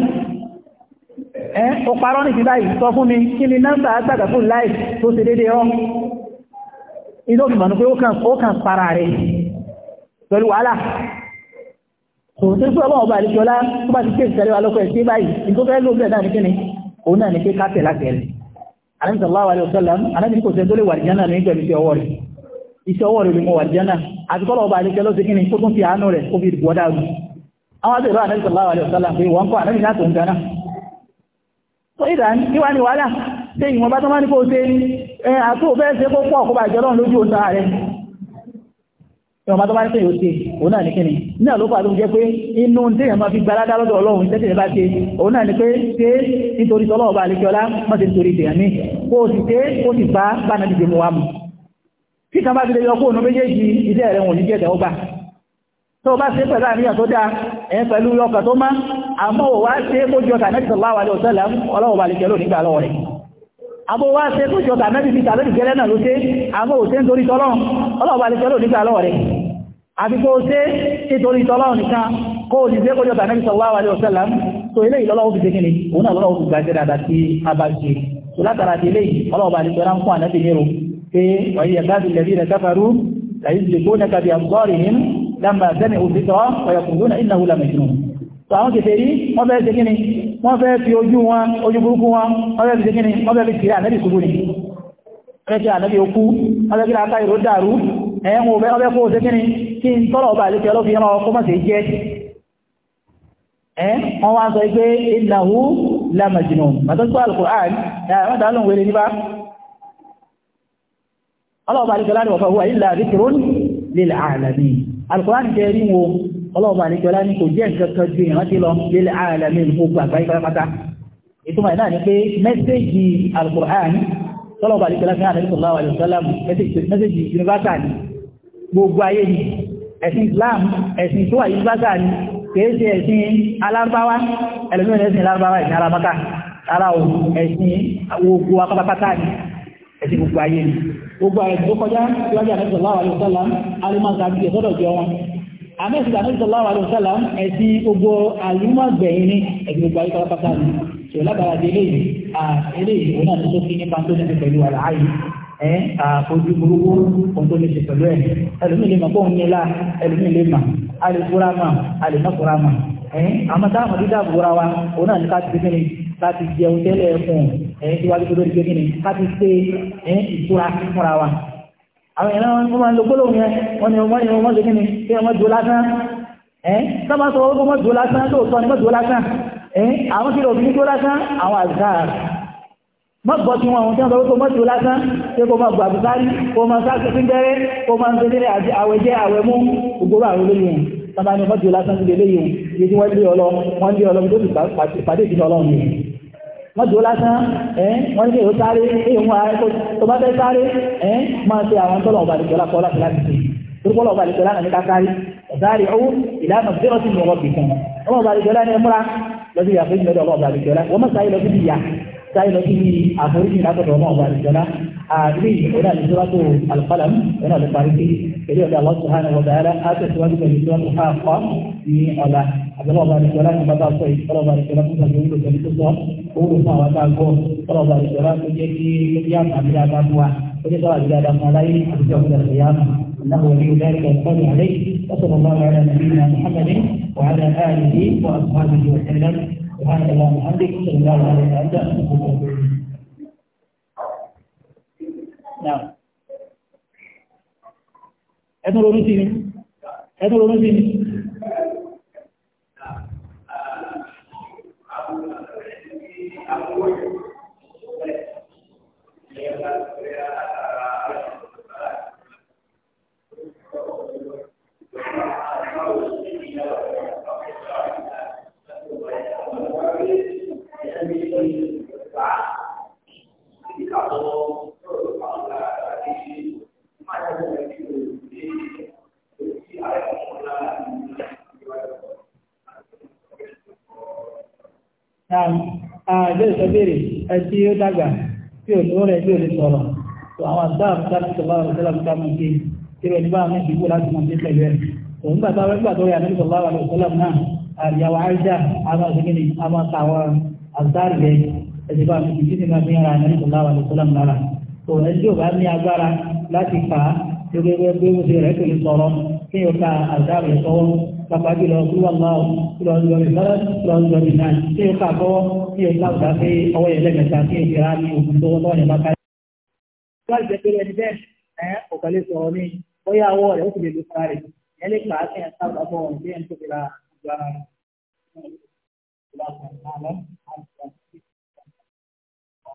ẹ́ o parọ́ ní ìfìdá yìí sọ fún mi kí ni náà àtàkà fún láì tó ṣe dédé ọ́ inú òfin mọ̀nú pé ó kàn para rẹ̀ pẹ̀lú wàhálà kò tí fún ọmọ ọba àlejòlá tó bá ti ké ìṣẹ̀lẹ̀ wa lọ́kọ̀ ẹ̀ṣẹ́ báyìí tó fẹ́ ló bẹ̀rẹ̀ náà ní kíni òun náà ní pé káfẹ̀ látẹ̀lẹ̀ alẹ́mìtàláwà alẹ́ òṣèlú alẹ́mìtì kò sẹ́ńtó lè wà nìyànà ní pẹ̀lú iṣẹ́ ọwọ́ rẹ̀ iṣẹ́ ọwọ́ rẹ̀ ló mọ wà nìyànà àti kọ́lọ̀ ọba àlejòlá ṣe kíni tó tún fi àánú rẹ̀ ó àwọn àti ìrọ̀ alẹ́mìtàláwà alẹ́ òṣèlú pé wọ́n kọ́ alẹ́mìtà tó ń ganá tó ìdáni ìwà ni wàhálà tí ìwọ̀n bá tó máa ní kó ṣe ẹ àtò fẹ́ ṣe kó pọ̀ kóbà ìjọ lọ́run lójú òta rẹ̀ ìwọ̀n bá tó máa ní pé yóò ṣe òun náà ní kíni náà ló pàdó jẹ́ pé inú tí èèyàn máa fi gbaládá lọ́dọ̀ ọlọ́run tẹ́tẹ̀ bá ṣe òun náà ní pé ṣe nítorí tọ́lọ́ ọba àlekíọlá mọ́tì nítorí tèèyàn ní kó o sì ṣe kó o sì bá jẹ́ tẹ́wọ́ gbà tó bá ṣe pẹ̀lú àníyàn tó dáa ẹ̀yìn pẹ̀lú ọkà tó má àmọ́ wà ṣe kó jọ tàbí sallallahu alaihi wasallam ọlọ́wọ̀ balẹ̀kẹ́ ló nígbà lọ́wọ́ rẹ̀ àmọ́ wà ṣe kó jọ tàbí bí tàbí gẹ́lẹ́ náà ló ṣe àmọ́ ò ṣe nítorí tọ́lọ́run ọlọ́wọ̀ balẹ̀kẹ́ ló nígbà lọ́wọ́ rẹ̀ àfi kó ṣe nítorí tọ́lọ́run nìkan kó o sì ṣe kó jọ tàbí sallallahu alaihi wasallam tó لما سمعوا الذكر ويقولون إنه لمجنون فهو كثيري ما بقى سكيني ما بقى في وجوه وجوه بروكوه ما بقى سكيني ما بقى بكتير النبي سبوني رجع النبي يقول هذا كده عطاي رد عرو ẹ̀yẹn wo bẹ́ ọbẹ́ kó o ṣe kí ni kí n tọ́lọ̀ ọba àlẹ́kẹ́ ọlọ́fi ẹran ọkọ́ mọ́ sí jẹ́ ẹ́ wọ́n wá ń sọ pé innahu la majnun màtọ́sọ́ al-Qur'an ẹ̀rọ̀dà lóun wèrè níbá ọlọ́ọ̀bà àlẹ́kẹ́ láti wọ̀fà huwa illa dhikrun lil alamin alukóran jẹ́ rí wo ọlọ́ọ̀bà àlejòlá ní kò jẹ́ nǹkan kan ju ìrántí lọ lil alamin gbogbo àgbáyé pátápátá ìtumọ̀ náà ni pé mẹ́sẹ̀gì alukóran tọ́lọ́ọ̀bà àlejòlá fi hàn ní sọ̀lá wà lọ́sọ́lá mẹ́sẹ̀gì yunifásà ni gbogbo ayé ni ẹ̀sìn Islam ẹ̀sìn tó ẹ̀sì gbogbo ayé ni gbogbo ayé tó kọjá síwájú àti sallallahu alaihi wasallam alimọ́ta bí i sọ́dọ̀ jọ wọn àmẹ́sì àti sallallahu alaihi wasallam ẹ̀sì gbogbo alimọ́gbẹ̀yìn ni ẹ̀sì gbogbo ayé pátápátá ni ṣe lágbára di eléyìí eléyìí òun náà ti sókè nípa tó ní ti pẹ̀lú àlàáyé ẹ àfojú burúkú ohun tó ní ti pẹ̀lú ẹ̀ ẹlòmíì lè mọ̀ kó ń nílá ẹlòmíì lè mọ̀ alìkúramọ̀ alìmọ̀kúramọ̀ ẹ àmọ́ táwọn ọmọdé dáàbò wa òun náà ní ká ti fi ká ti jẹun tẹ́lẹ̀ fún ẹ̀yìn tí wàá tó lórí gbẹ́gbẹ́ ni ká ti ṣe ẹ̀yìn ìtura fúnra wa. àwọn èèyàn náà wọ́n máa lo gbólóhùn yẹn wọ́n ní wọ́n ní wọ́n ṣe kí ni kí wọ́n jó lásán ẹ̀yìn sábà sọ wọ́n mọ̀ jó lásán tó sọ ni mọ̀ jó lásán ẹ̀yìn àwọn kí ló fi jó lásán àwọn àzá mọ̀ bọ́ sí wọn àwọn tí wọ́n sọ pé mọ̀ jó lásán pé kó máa gbàgbùkárí kó máa sáàkì sí bẹ́rẹ́ kó máa ń ṣe nílẹ̀ àwẹ̀ jẹ́ àwẹ̀ mú gbogbo àwọn olóyìn sábà ni mọ̀ jó lásán sí ti pàdé ìdílé ọlọ́run wọ́n jò lásán ẹ́ wọ́n ní kéèyàn sáré kéèyàn wọ́n ààrẹ tó bá fẹ́ sáré ẹ́ máa ṣe àwọn tọ́lọ̀ ọba àdìjọ́lá kọ́ láti láti ṣe torípọ́lọ̀ ọba àdìjọ́lá náà ní kákárí ọ̀sáàrí owó ìlànà zero sí ìwọ̀n bìkan ọmọ ọba àdìjọ́lá ní ẹmúra lọ́sí ìyàfẹ́ ìjìnlẹ̀ ọba àdìjọ́lá wọ́n mọ̀ sáyé lọ ìyà sáré lọ síbi àforíjì látọ̀dọ̀ ọmọ ọba àdìjọ́lá àbí ìrọ̀lẹ́ àdìjọ́látò alqalam ẹ̀rọ àti parí èyí ọ̀dọ̀ Allah subhanahu wa ta'ala á tẹ̀síwájú pẹ̀lú ìjọ́látò káàkọ́ ní ọ̀la àbẹ̀lọ́ ọba àdìjọ́lá ní bàbá sọ ìfọ̀rọ̀ ọba àdìjọ́lá fún ìgbàgbé wúlò pẹ̀lú tó sọ owó fún àwọn àtàgọ́ ọ̀rọ̀ ọba àdìjọ́lá tó jẹ́ kí ó jẹ́ ولي ذلك والقادر عليه وصلى الله على نبينا محمد وعلى اله واصحابه وسلم سبحانك اللهم وبحمدك اشهد ان لا اله الا انت استغفرك واتوب اليك نعم ẹtún ronú sí ni ẹtún ronú sí ni Thank you. àgbẹ̀ ìsọ̀bẹ̀rẹ̀ ẹtí ó dàgbà tí ò lóore tí ò lè sọ̀rọ̀ tó àwọn àdáàbò sábà tó bá wà lọ́sọ̀lá tó dáàbò ṣe tí ìrọ̀ nípa àmì ìdìbò láti mọ̀ sí pẹ̀lú ẹ̀ tó ń gbàtà wọ́n gbàtà wọ́n yàtọ̀ sọ̀lá wà lọ́sọ̀lá náà àyàwó àìsà àwọn òṣèlú àwọn àtàwọn àzáàrì rẹ̀ ẹ̀sìn bá mi kìí nínú àmì ìrà àmì ìsọ̀lá wà lọ́sọ̀lá náà tó ẹni bàbá jùlọ kúlọ̀ máa kúlọ̀ lọ rí lọ́rọ̀ kúlọ̀ lọ rí náà tí ó kà kọ́ tí ó kà kọ́ pé ọwọ́ yẹn lẹ́gbẹ̀ta tí èdè rà ní òkú tó lọ́wọ́ yẹn bá ká. wọ́n ti pé ẹni bẹ́ẹ̀ ẹ̀ ọ̀kàlẹ̀ sọ̀rọ̀ mi bóyá ọwọ́ rẹ̀ ó ti lè lu fara rẹ̀ yẹn lè kàá kẹ́yìn sábà fọ́ ọ̀rọ̀ bí ẹni tó fi ra ìjọ rẹ̀.